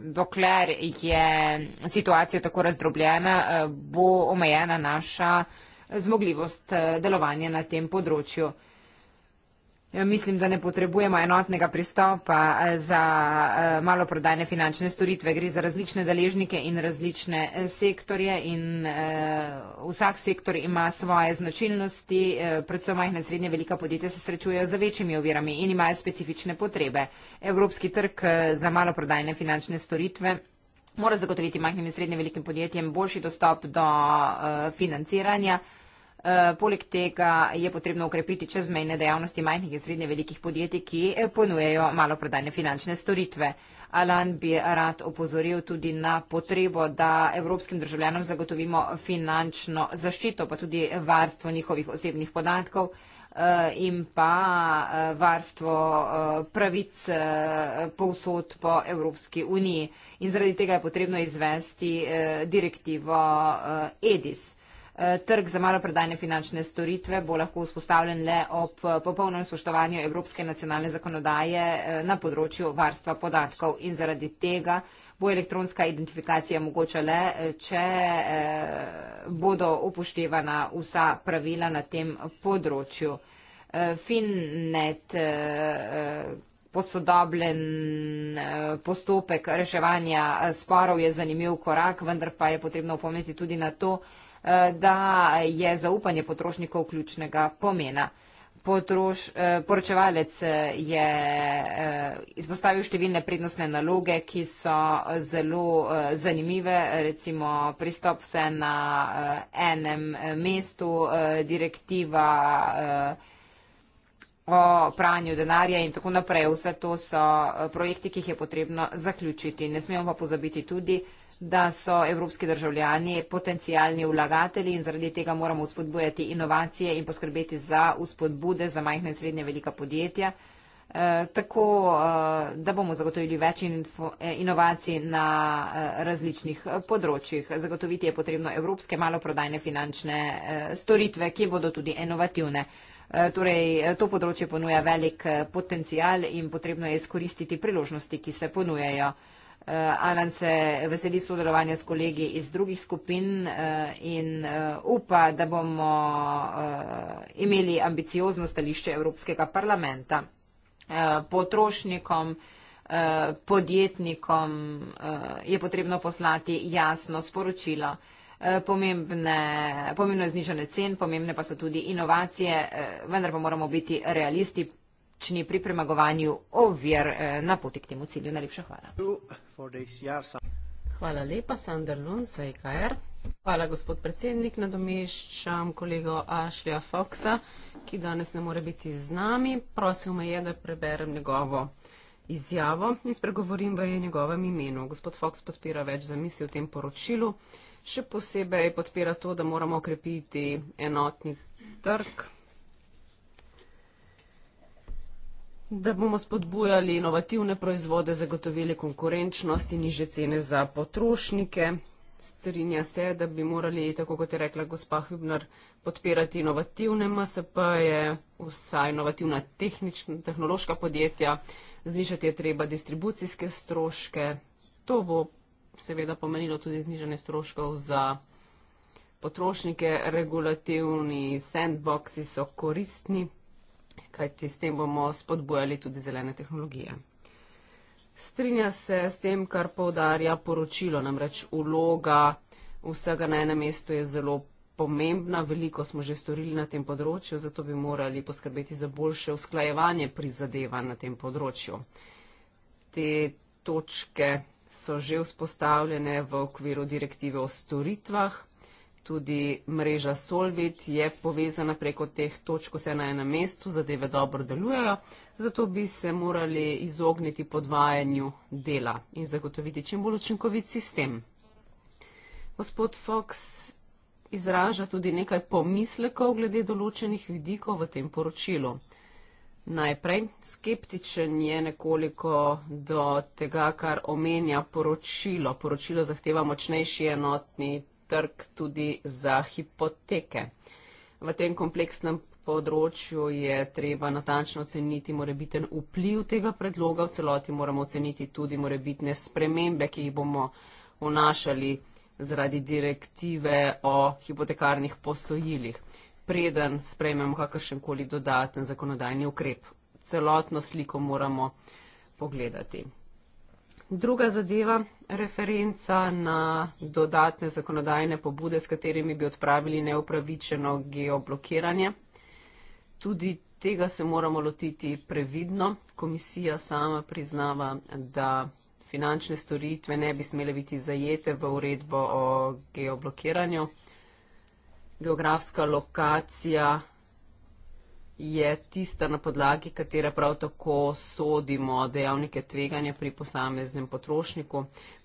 dokler je situacija tako razdrobljena, bo omejena naša zmogljivost delovanja na tem področju. Ja, mislim, da ne potrebujemo enotnega pristopa eh, za eh, maloprodajne finančne storitve. Gre za različne deležnike in različne eh, sektorje in vsak sektor ima svoje značilnosti. Predvsem majhne srednje velika podjetja se srečujejo za večjimi ovirami in imajo specifične potrebe. Evropski trg za maloprodajne finančne storitve mora zagotoviti majhnim in srednje velikim podjetjem boljši dostop do financiranja. Eh, poleg tega je potrebno ukrepiti čezmejne dejavnosti majhnih in srednje velikih podjetij, ki eh, ponujejo maloprodajne finančne storitve. Alan bi rad opozoril tudi na potrebo, da evropskim državljanom zagotovimo finančno zaščito, pa tudi varstvo njihovih osebnih podatkov eh, in pa varstvo pravic povsod po Evropski uniji. In zaradi tega je potrebno izvesti direktivo EDIS. Eh, trg za maloprodajne finančne storitve bo lahko vzpostavljen le ob eh, popolnem spoštovanju evropske nacionalne zakonodaje eh, na področju varstva podatkov in zaradi tega bo elektronska identifikacija mogoče le, če bodo upoštevana vsa pravila na tem področju. Finnet, posodobljen postopek reševanja sporov je zanimiv korak, vendar pa je potrebno upomniti tudi na to, da je zaupanje potrošnikov ključnega pomena. Potroš, eh, poročevalec eh, je eh, izpostavil številne prednostne naloge, ki so zelo zanimive, recimo pristop vse na enem mestu, direktiva o pranju denarja in tako naprej. Vse to so projekti, ki jih je potrebno zaključiti. Ne smemo pa pozabiti tudi, da so evropski državljani potencijalni vlagatelji in zaradi tega moramo spodbujati inovacije in poskrbeti za uspodbude za majhne in srednje velika podjetja, eh, tako eh, da bomo zagotovili več eh, inovacij na različnih področjih. Zagotoviti je potrebno evropske maloprodajne finančne storitve, ki bodo tudi inovativne. Torej, to področje ponuja velik potencial in potrebno je izkoristiti priložnosti, ki se ponujejo. Eh, Alan se veseli sodelovanja s kolegi iz drugih skupin eh, in eh, upa, da bomo imeli ambiciozno stališče Evropskega parlamenta. Potrošnikom, podjetnikom je potrebno poslati jasno sporočilo. Pomembne, pomembno je znižanje cen, pomembne pa so tudi inovacije, vendar pa moramo biti realisti, pomoči pri premagovanju ovir eh, na poti k temu cilju. Najlepša hvala. Hvala lepa, Sander Zun, CKR. E hvala, gospod predsednik. Nadomeščam kolego Ašlija Foksa, ki danes ne more biti z nami. Prosil me je, da preberem njegovo izjavo in spregovorim v njegovem imenu. Gospod Foks podpira več zamisli v tem poročilu. Še posebej podpira to, da moramo okrepiti enotni trg, da bomo spodbujali inovativne proizvode, zagotovili konkurenčnost in niže cene za potrošnike. Strinja se, da bi morali, tako kot je rekla gospa Hübner, podpirati inovativne MSP-je, vsa inovativna tehnična, tehnološka podjetja, znižati je treba distribucijske stroške. To bo seveda pomenilo tudi znižanje stroškov za potrošnike. Regulativni sandboxi so koristni kajti s tem bomo spodbujali tudi zelene tehnologije. Strinja se s tem, kar povdarja poročilo, namreč uloga vsega na enem mestu je zelo pomembna, veliko smo že storili na tem področju, zato bi morali poskrbeti za boljše usklajevanje prizadeva na tem področju. Te točke so že vzpostavljene v okviru direktive o storitvah. Tudi mreža Solvit je povezana preko teh točk, vse na enem mestu, zadeve dobro delujejo, zato bi se morali izogniti podvajanju dela in zagotoviti čim bolj učinkovit sistem. Gospod Fox izraža tudi nekaj pomislekov glede določenih vidikov v tem poročilu. Najprej skeptičen je nekoliko do tega, kar omenja poročilo. Poročilo zahteva močnejši enotni trg tudi za hipoteke. V tem kompleksnem področju je treba natančno oceniti morebiten vpliv tega predloga, v celoti moramo oceniti tudi morebitne spremembe, ki jih bomo vnašali zaradi direktive o hipotekarnih posojilih, preden sprejmemo kakršenkoli dodaten zakonodajni ukrep. Celotno sliko moramo pogledati. Druga zadeva, referenca na dodatne zakonodajne pobude, s katerimi bi odpravili neupravičeno geoblokiranje. Tudi tega se moramo lotiti previdno. Komisija sama priznava, da finančne storitve ne bi smele biti zajete v uredbo o geoblokiranju. Geografska lokacija je tista, na podlagi katere prav tako sodimo dejavnike tveganja pri posameznem potrošniku.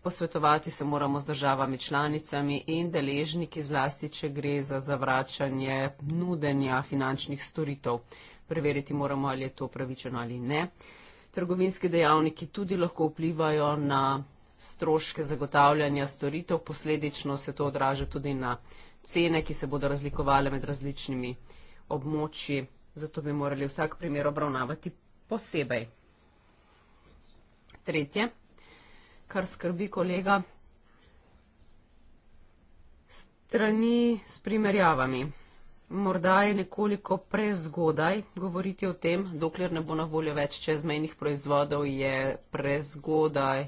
Posvetovati se moramo z državami članicami in deležniki, zlasti, če gre za zavračanje nudenja finančnih storitev. Preveriti moramo, ali je to pravičeno ali ne. Trgovinski dejavniki tudi lahko vplivajo na stroške zagotavljanja storitev, posledično se to odraža tudi na cene, ki se bodo razlikovale med različnimi območji zato bi morali vsak primer obravnavati posebej. Tretje, kar skrbi kolega, strani s primerjavami. Morda je nekoliko prezgodaj govoriti o tem, dokler ne bo na voljo več čezmejnih proizvodov, je prezgodaj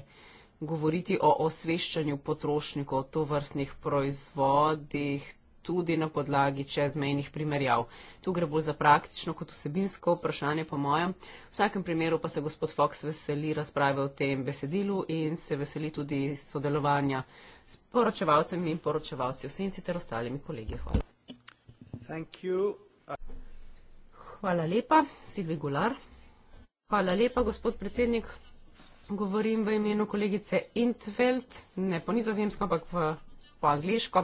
govoriti o osveščanju potrošnikov o to vrstnih proizvodih, tudi na podlagi čezmejnih primerjav. Tu gre bolj za praktično kot vsebinsko vprašanje, po mojem. V vsakem primeru pa se gospod Fox veseli razprave o tem besedilu in se veseli tudi sodelovanja s poročevalcem in poročevalci v senci ter ostalimi kolegi. Hvala. Hvala lepa, Silvi Gular. Hvala lepa, gospod predsednik. Govorim v imenu kolegice Intveld, ne po nizozemsko, ampak v, po angliško.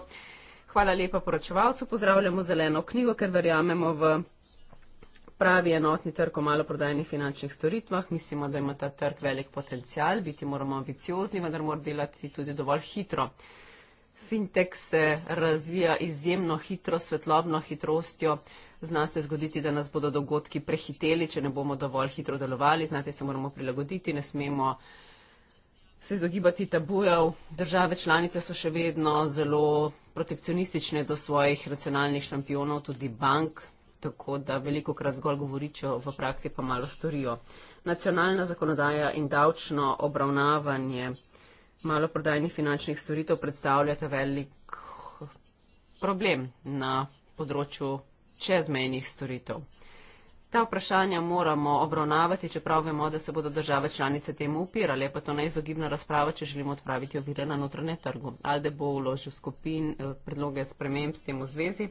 Hvala lepa poročevalcu, pozdravljamo zeleno knjigo, ker verjamemo v pravi enotni trg o maloprodajnih finančnih storitvah. Mislimo, da ima ta trg velik potencial, biti moramo ambiciozni, vendar mora delati tudi dovolj hitro. Fintech se razvija izjemno hitro, svetlobno hitrostjo. Zna se zgoditi, da nas bodo dogodki prehiteli, če ne bomo dovolj hitro delovali. Znate, se moramo prilagoditi, ne smemo uh, se izogibati tabujev. Države članice so še vedno zelo protekcionistične do svojih nacionalnih šampionov, tudi bank, tako da veliko krat zgolj govoričo, v praksi pa malo storijo. Nacionalna zakonodaja in davčno obravnavanje maloprodajnih finančnih storitev predstavljata velik problem na področju čezmejnih storitev. Ta vprašanja moramo obravnavati, čeprav vemo, da se bodo države članice temu upirali, pa to neizogibna razprava, če želimo odpraviti ovire na notranje trgu. Alde bo vložil skupin eh, predloge sprememb s tem v zvezi.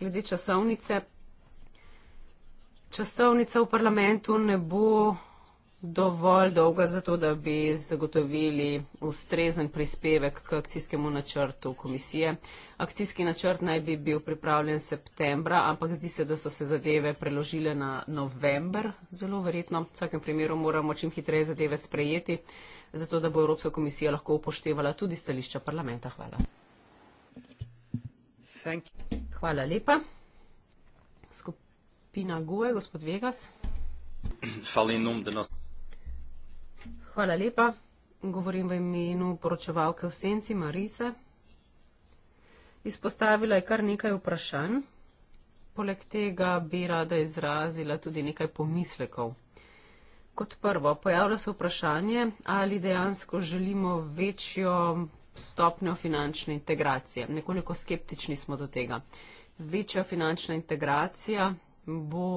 Glede časovnice, časovnica v parlamentu ne bo dovolj dolga za to, da bi zagotovili ustrezen prispevek k akcijskemu načrtu komisije. Akcijski načrt naj bi bil pripravljen septembra, ampak zdi se, da so se zadeve preložile na november, zelo verjetno. V vsakem primeru moramo čim hitreje zadeve sprejeti, zato da bo Evropska komisija lahko upoštevala tudi stališča parlamenta. Hvala. Hvala lepa. Skupina GUE, gospod Vegas. Hvala lepa. Hvala lepa. Govorim v imenu poročevalke v senci Marise. Izpostavila je kar nekaj vprašanj. Poleg tega bi rada izrazila tudi nekaj pomislekov. Kot prvo, pojavlja se vprašanje, ali dejansko želimo večjo stopnjo finančne integracije. Nekoliko skeptični smo do tega. Večja finančna integracija bo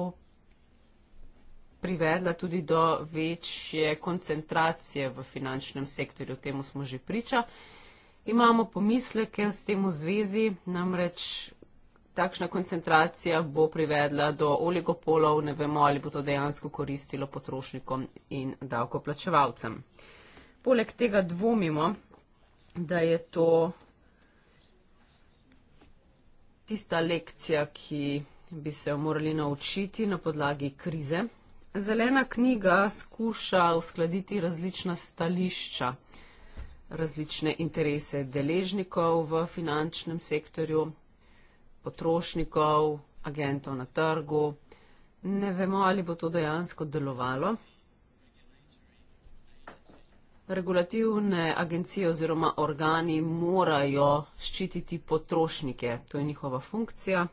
privedla tudi do večje koncentracije v finančnem sektorju. Temu smo že priča. Imamo pomisleke s tem v zvezi, namreč takšna koncentracija bo privedla do oligopolov, ne vemo, ali bo to dejansko koristilo potrošnikom in davkoplačevalcem. Poleg tega dvomimo, da je to tista lekcija, ki bi se jo morali naučiti na podlagi krize zelena knjiga skuša uskladiti različna stališča, različne interese deležnikov v finančnem sektorju, potrošnikov, agentov na trgu. Ne vemo, ali bo to dejansko delovalo. Regulativne agencije oziroma organi morajo ščititi potrošnike, to je njihova funkcija.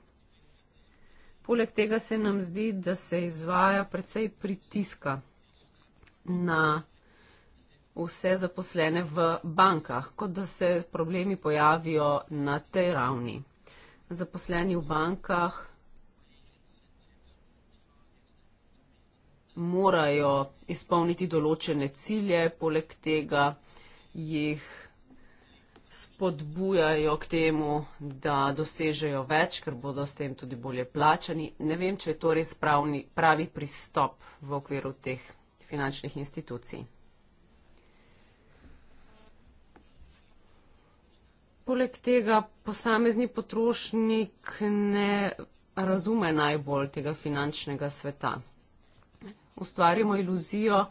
Poleg tega se nam zdi, da se izvaja precej pritiska na vse zaposlene v bankah, kot da se problemi pojavijo na tej ravni. Zaposleni v bankah morajo izpolniti določene cilje, poleg tega jih spodbujajo k temu, da dosežejo več, ker bodo s tem tudi bolje plačani. Ne vem, če je to res pravni, pravi pristop v okviru teh finančnih institucij. Poleg tega posamezni potrošnik ne razume najbolj tega finančnega sveta. Ustvarimo iluzijo,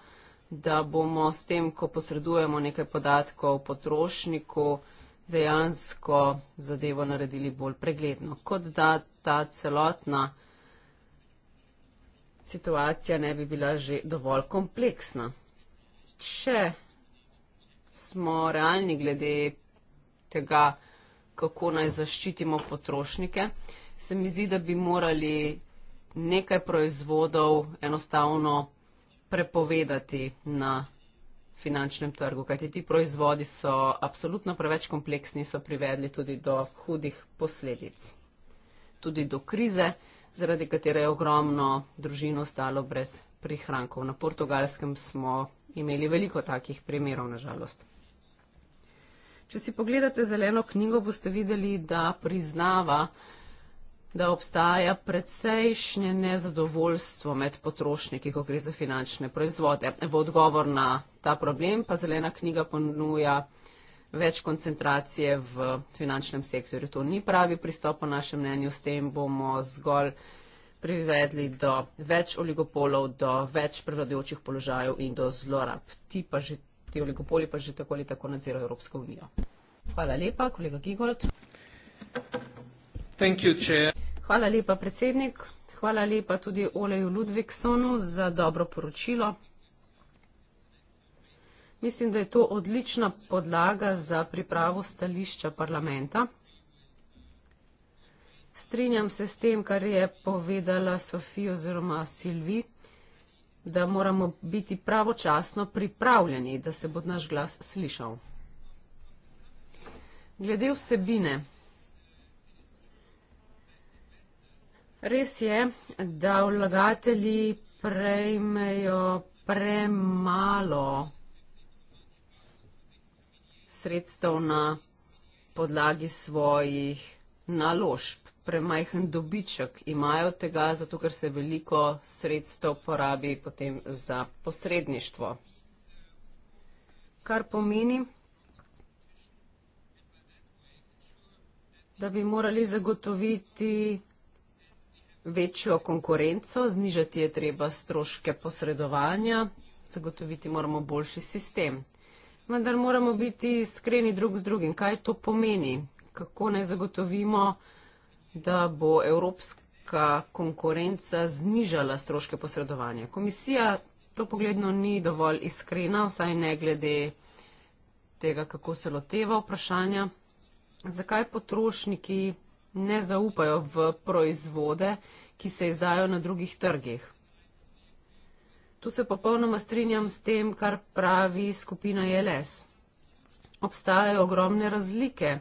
da bomo s tem, ko posredujemo nekaj podatkov potrošniku, dejansko zadevo naredili bolj pregledno. Kot da ta celotna situacija ne bi bila že dovolj kompleksna. Če smo realni glede tega, kako naj zaščitimo potrošnike, se mi zdi, da bi morali nekaj proizvodov enostavno prepovedati na finančnem trgu, kajti ti proizvodi so apsolutno preveč kompleksni in so privedli tudi do hudih posledic. Tudi do krize, zaradi katere je ogromno družin ostalo brez prihrankov. Na portugalskem smo imeli veliko takih primerov, nažalost. Če si pogledate zeleno knjigo, boste videli, da priznava, da obstaja precejšnje nezadovoljstvo med potrošniki, ko gre za finančne proizvode. V odgovor na ta problem pa zelena knjiga ponuja več koncentracije v finančnem sektorju. To ni pravi pristop, po našem mnenju, s tem bomo zgolj privedli do več oligopolov, do več prevladujočih položajev in do zlorab. Ti, pa že, ti oligopoli pa že tako ali tako nadzirajo Evropsko unijo. Hvala lepa, kolega Gigold. Thank you, chair. Hvala lepa, predsednik. Hvala lepa tudi Oleju Ludvigsonu za dobro poročilo. Mislim, da je to odlična podlaga za pripravo stališča parlamenta. Strinjam se s tem, kar je povedala Sofija oziroma Silvi, da moramo biti pravočasno pripravljeni, da se bo naš glas slišal. Glede vsebine. Res je, da vlagatelji prejmejo premalo sredstev na podlagi svojih naložb. Premajhen dobiček imajo tega, zato ker se veliko sredstev porabi potem za posredništvo. Kar pomeni, da bi morali zagotoviti večjo konkurenco, znižati je treba stroške posredovanja, zagotoviti moramo boljši sistem. Vendar moramo biti iskreni drug z drugim, kaj to pomeni, kako naj zagotovimo, da bo evropska konkurenca znižala stroške posredovanja. Komisija to pogledno ni dovolj iskrena, vsaj ne glede tega, kako se loteva vprašanja. Zakaj potrošniki ne zaupajo v proizvode, ki se izdajo na drugih trgih. Tu se popolnoma strinjam s tem, kar pravi skupina JLS. Obstajajo ogromne razlike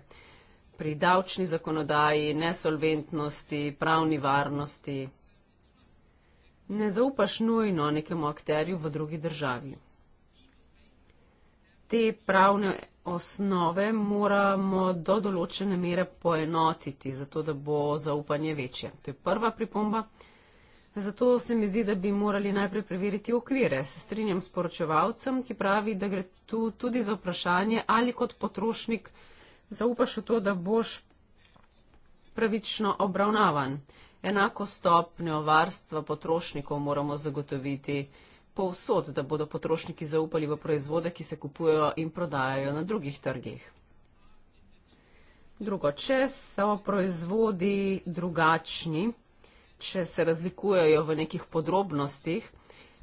pri davčni zakonodaji, nesolventnosti, pravni varnosti. Ne zaupaš nujno nekemu akterju v drugi državi. Te pravne osnove moramo do določene mere poenotiti, zato da bo zaupanje večje. To je prva pripomba. Zato se mi zdi, da bi morali najprej preveriti okvire. Se strinjam s poročevalcem, ki pravi, da gre tu tudi za vprašanje, ali kot potrošnik zaupaš v to, da boš pravično obravnavan. Enako stopnjo varstva potrošnikov moramo zagotoviti povsod, da bodo potrošniki zaupali v proizvode, ki se kupujejo in prodajajo na drugih trgih. Drugo, če so proizvodi drugačni, če se razlikujejo v nekih podrobnostih,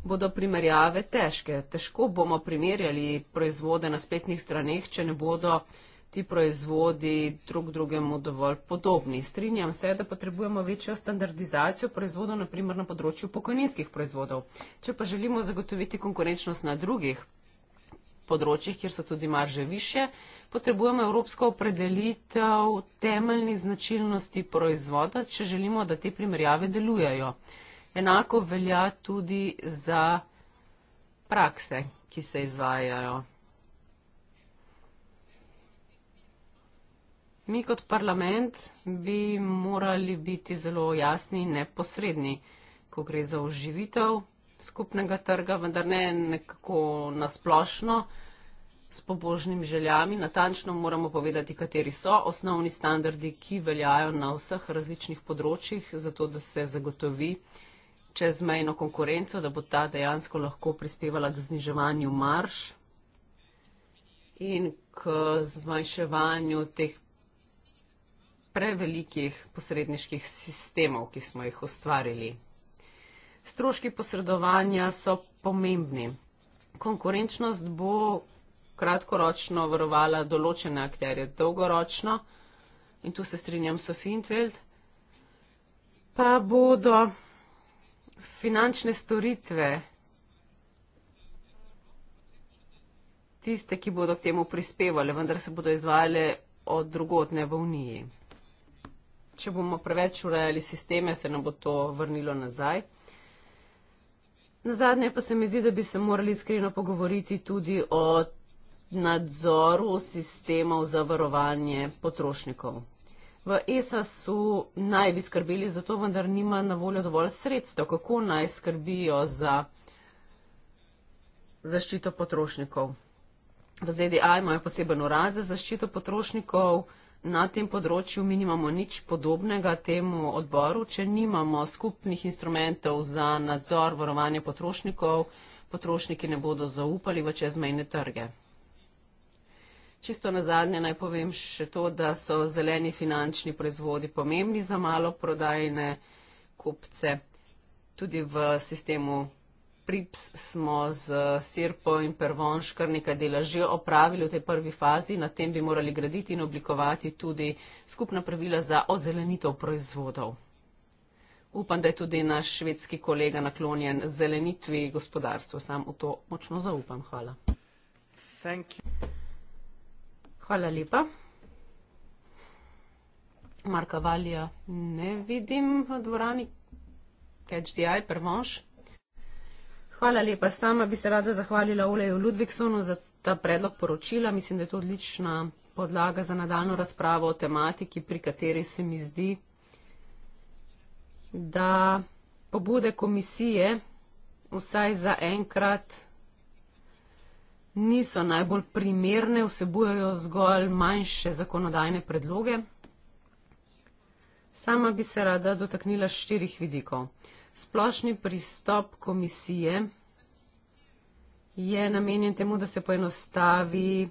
bodo primerjave težke. Težko bomo primerjali proizvode na spletnih straneh, če ne bodo ti proizvodi drug drugemu dovolj podobni. Strinjam se, da potrebujemo večjo standardizacijo proizvodov, naprimer na področju pokojninskih proizvodov. Če pa želimo zagotoviti konkurenčnost na drugih področjih, kjer so tudi marže više, potrebujemo evropsko opredelitev temeljnih značilnosti proizvoda, če želimo, da te primerjave delujejo. Enako velja tudi za prakse, ki se izvajajo. Mi kot parlament bi morali biti zelo jasni in neposredni, ko gre za oživitev skupnega trga, vendar ne nekako nasplošno s pobožnim željami. Natančno moramo povedati, kateri so osnovni standardi, ki veljajo na vseh različnih področjih, zato da se zagotovi čezmejno konkurenco, da bo ta dejansko lahko prispevala k zniževanju marš in k zmanjševanju teh prevelikih posredniških sistemov, ki smo jih ustvarili. Stroški posredovanja so pomembni. Konkurenčnost bo kratkoročno varovala določene akterje, dolgoročno, in tu se strinjam s Sofintveld, pa bodo finančne storitve tiste, ki bodo k temu prispevali, vendar se bodo izvajale od drugotne v Uniji če bomo preveč urejali sisteme, se nam bo to vrnilo nazaj. Na zadnje pa se mi zdi, da bi se morali iskreno pogovoriti tudi o nadzoru sistemov za varovanje potrošnikov. V ESA so naj bi skrbeli za to, vendar nima na voljo dovolj sredstev, kako naj skrbijo za zaščito potrošnikov. V ZDA imajo poseben urad za zaščito potrošnikov na tem področju mi nimamo nič podobnega temu odboru, če nimamo skupnih instrumentov za nadzor varovanja potrošnikov, potrošniki ne bodo zaupali v čezmejne trge. Čisto na zadnje naj povem še to, da so zeleni finančni proizvodi pomembni za malo prodajne kupce. Tudi v sistemu prips smo z sirpo in pervonš kar nekaj dela že opravili v tej prvi fazi. Na tem bi morali graditi in oblikovati tudi skupna pravila za ozelenitev proizvodov. Upam, da je tudi naš švedski kolega naklonjen zelenitvi gospodarstva. Sam v to močno zaupam. Hvala. Hvala lepa. Marka Valija ne vidim v dvorani. Catch the eye, pervonš. Hvala lepa. Sama bi se rada zahvalila Oleju Ludvigsonu za ta predlog poročila. Mislim, da je to odlična podlaga za nadaljno razpravo o tematiki, pri kateri se mi zdi, da pobude komisije vsaj za enkrat niso najbolj primerne, vsebujejo zgolj manjše zakonodajne predloge. Sama bi se rada dotaknila štirih vidikov. Uh, Splošni pristop komisije je namenjen temu, da se poenostavi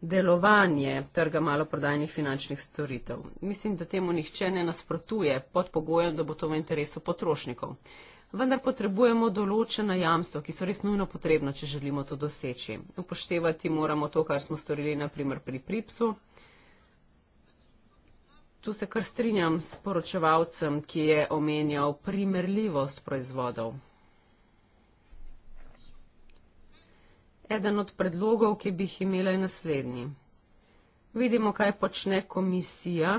delovanje trga maloprodajnih finančnih storitev. Mislim, da temu nihče ne nasprotuje pod pogojem, da bo to v interesu potrošnikov. Vendar potrebujemo določena jamstva, ki so res nujno potrebna, če želimo to doseči. Upoštevati moramo to, kar smo storili naprimer pri PRIPS-u, Tu se kar strinjam s poročevalcem, ki je omenjal primerljivost proizvodov. Eden od predlogov, ki bi jih imela, je naslednji. Vidimo, kaj počne komisija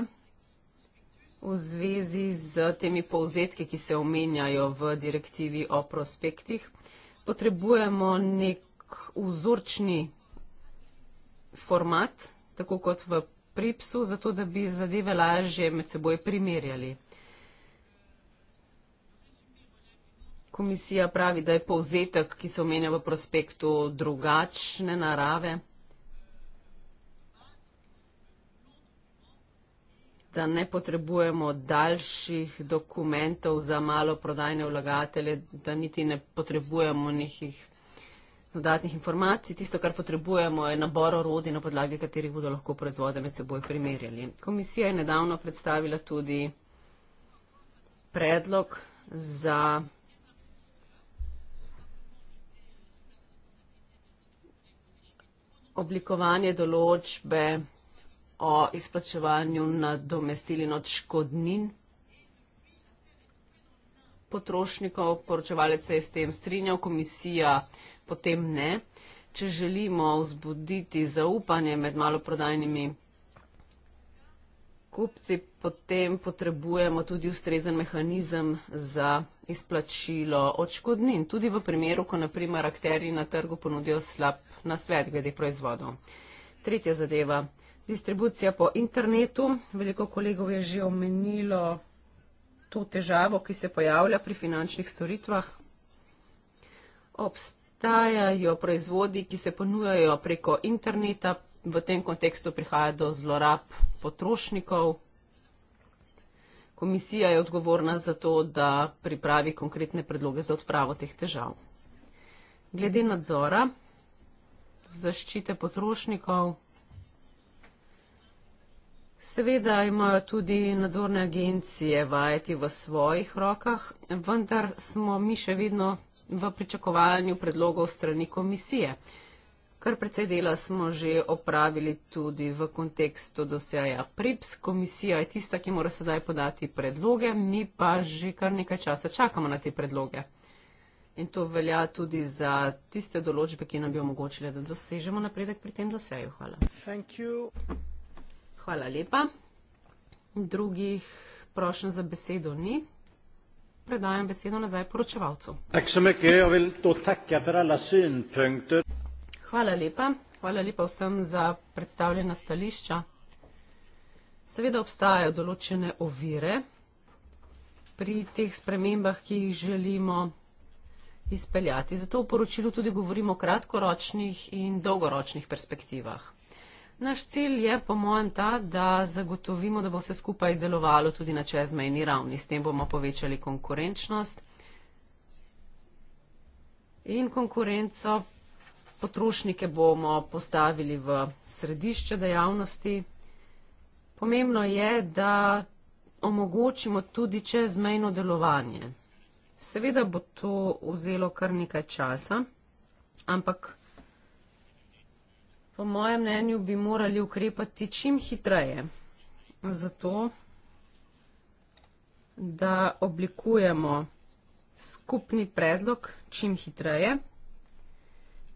v zvezi z temi povzetki, ki se omenjajo v direktivi o prospektih. Potrebujemo nek vzorčni format, tako kot v pri psu, zato da bi zadeve lažje med seboj primerjali. Komisija pravi, da je povzetek, ki se omenja v prospektu, drugačne narave, da ne potrebujemo daljših dokumentov za maloprodajne vlagatelje, da niti ne potrebujemo nekih dodatnih informacij. Tisto, kar potrebujemo, je nabor orodij, na podlagi katerih bodo lahko proizvode med seboj primerjali. Komisija je nedavno predstavila tudi predlog za oblikovanje določbe o izplačevanju nadomestili in odškodnin potrošnikov. Poročevalec se je s tem strinjal. Komisija potem ne. Če želimo vzbuditi zaupanje med maloprodajnimi kupci, potem potrebujemo tudi ustrezen mehanizem za izplačilo odškodnin, tudi v primeru, ko naprimer akteri na trgu ponudijo slab nasvet glede proizvodov. Tretja zadeva. Distribucija po internetu. Veliko kolegov je že omenilo to težavo, ki se pojavlja pri finančnih storitvah. Obstaja obstajajo proizvodi, ki se ponujajo preko interneta, v tem kontekstu prihaja do zlorab potrošnikov. Komisija je odgovorna za to, da pripravi konkretne predloge za odpravo teh težav. Glede nadzora, zaščite potrošnikov, seveda imajo tudi nadzorne agencije vajeti v svojih rokah, vendar smo mi še vedno v pričakovanju predlogov strani komisije. Kar precej dela smo že opravili tudi v kontekstu dosjeja PRIPS. Komisija je tista, ki mora sedaj podati predloge, mi pa že kar nekaj časa čakamo na te predloge. In to velja tudi za tiste določbe, ki nam bi omogočile, da dosežemo napredek pri tem dosjeju. Hvala. Hvala lepa. Drugih prošen za besedo ni predajam besedo nazaj poročevalcu. Hvala lepa. Hvala lepa vsem za predstavljena stališča. Seveda obstajajo določene ovire pri teh spremembah, ki jih želimo izpeljati. Zato v poročilu tudi govorimo o kratkoročnih in dolgoročnih perspektivah. Naš cilj je, po mojem, ta, da zagotovimo, da bo vse skupaj delovalo tudi na čezmejni ravni. S tem bomo povečali konkurenčnost in konkurenco. Potrošnike bomo postavili v središče dejavnosti. Pomembno je, da omogočimo tudi čezmejno delovanje. Seveda bo to vzelo kar nekaj časa, ampak. Po mojem mnenju bi morali ukrepati čim hitreje, zato da oblikujemo skupni predlog čim hitreje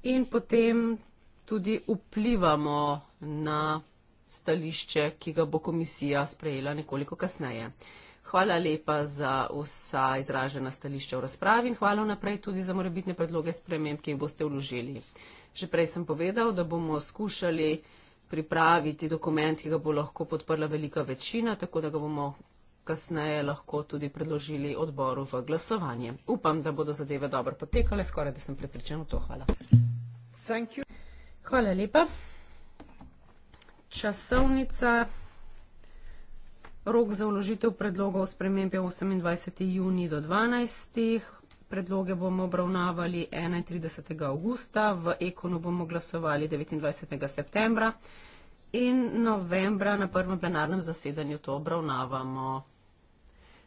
in potem tudi vplivamo na stališče, ki ga bo komisija sprejela nekoliko kasneje. Hvala lepa za vsa izražena stališča v razpravi in hvala naprej tudi za morebitne predloge sprememb, ki jih boste vložili. Že prej sem povedal, da bomo skušali pripraviti dokument, ki ga bo lahko podprla velika večina, tako da ga bomo kasneje lahko tudi predložili odboru v glasovanje. Upam, da bodo zadeve dobro potekale, skoraj da sem pripričan v to. Hvala. Hvala lepa. Časovnica. Rok za uložitev predlogov spremembe 28. juni do 12. Predloge bomo obravnavali 31. augusta, v Ekonu bomo glasovali 29. septembra in novembra na prvem plenarnem zasedanju to obravnavamo.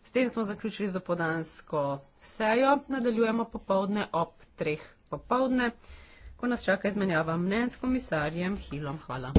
S tem smo zaključili z dopodansko sejo. Nadaljujemo popovdne ob treh popovdne, ko nas čaka izmenjava mnen s komisarjem Hilom. Hvala.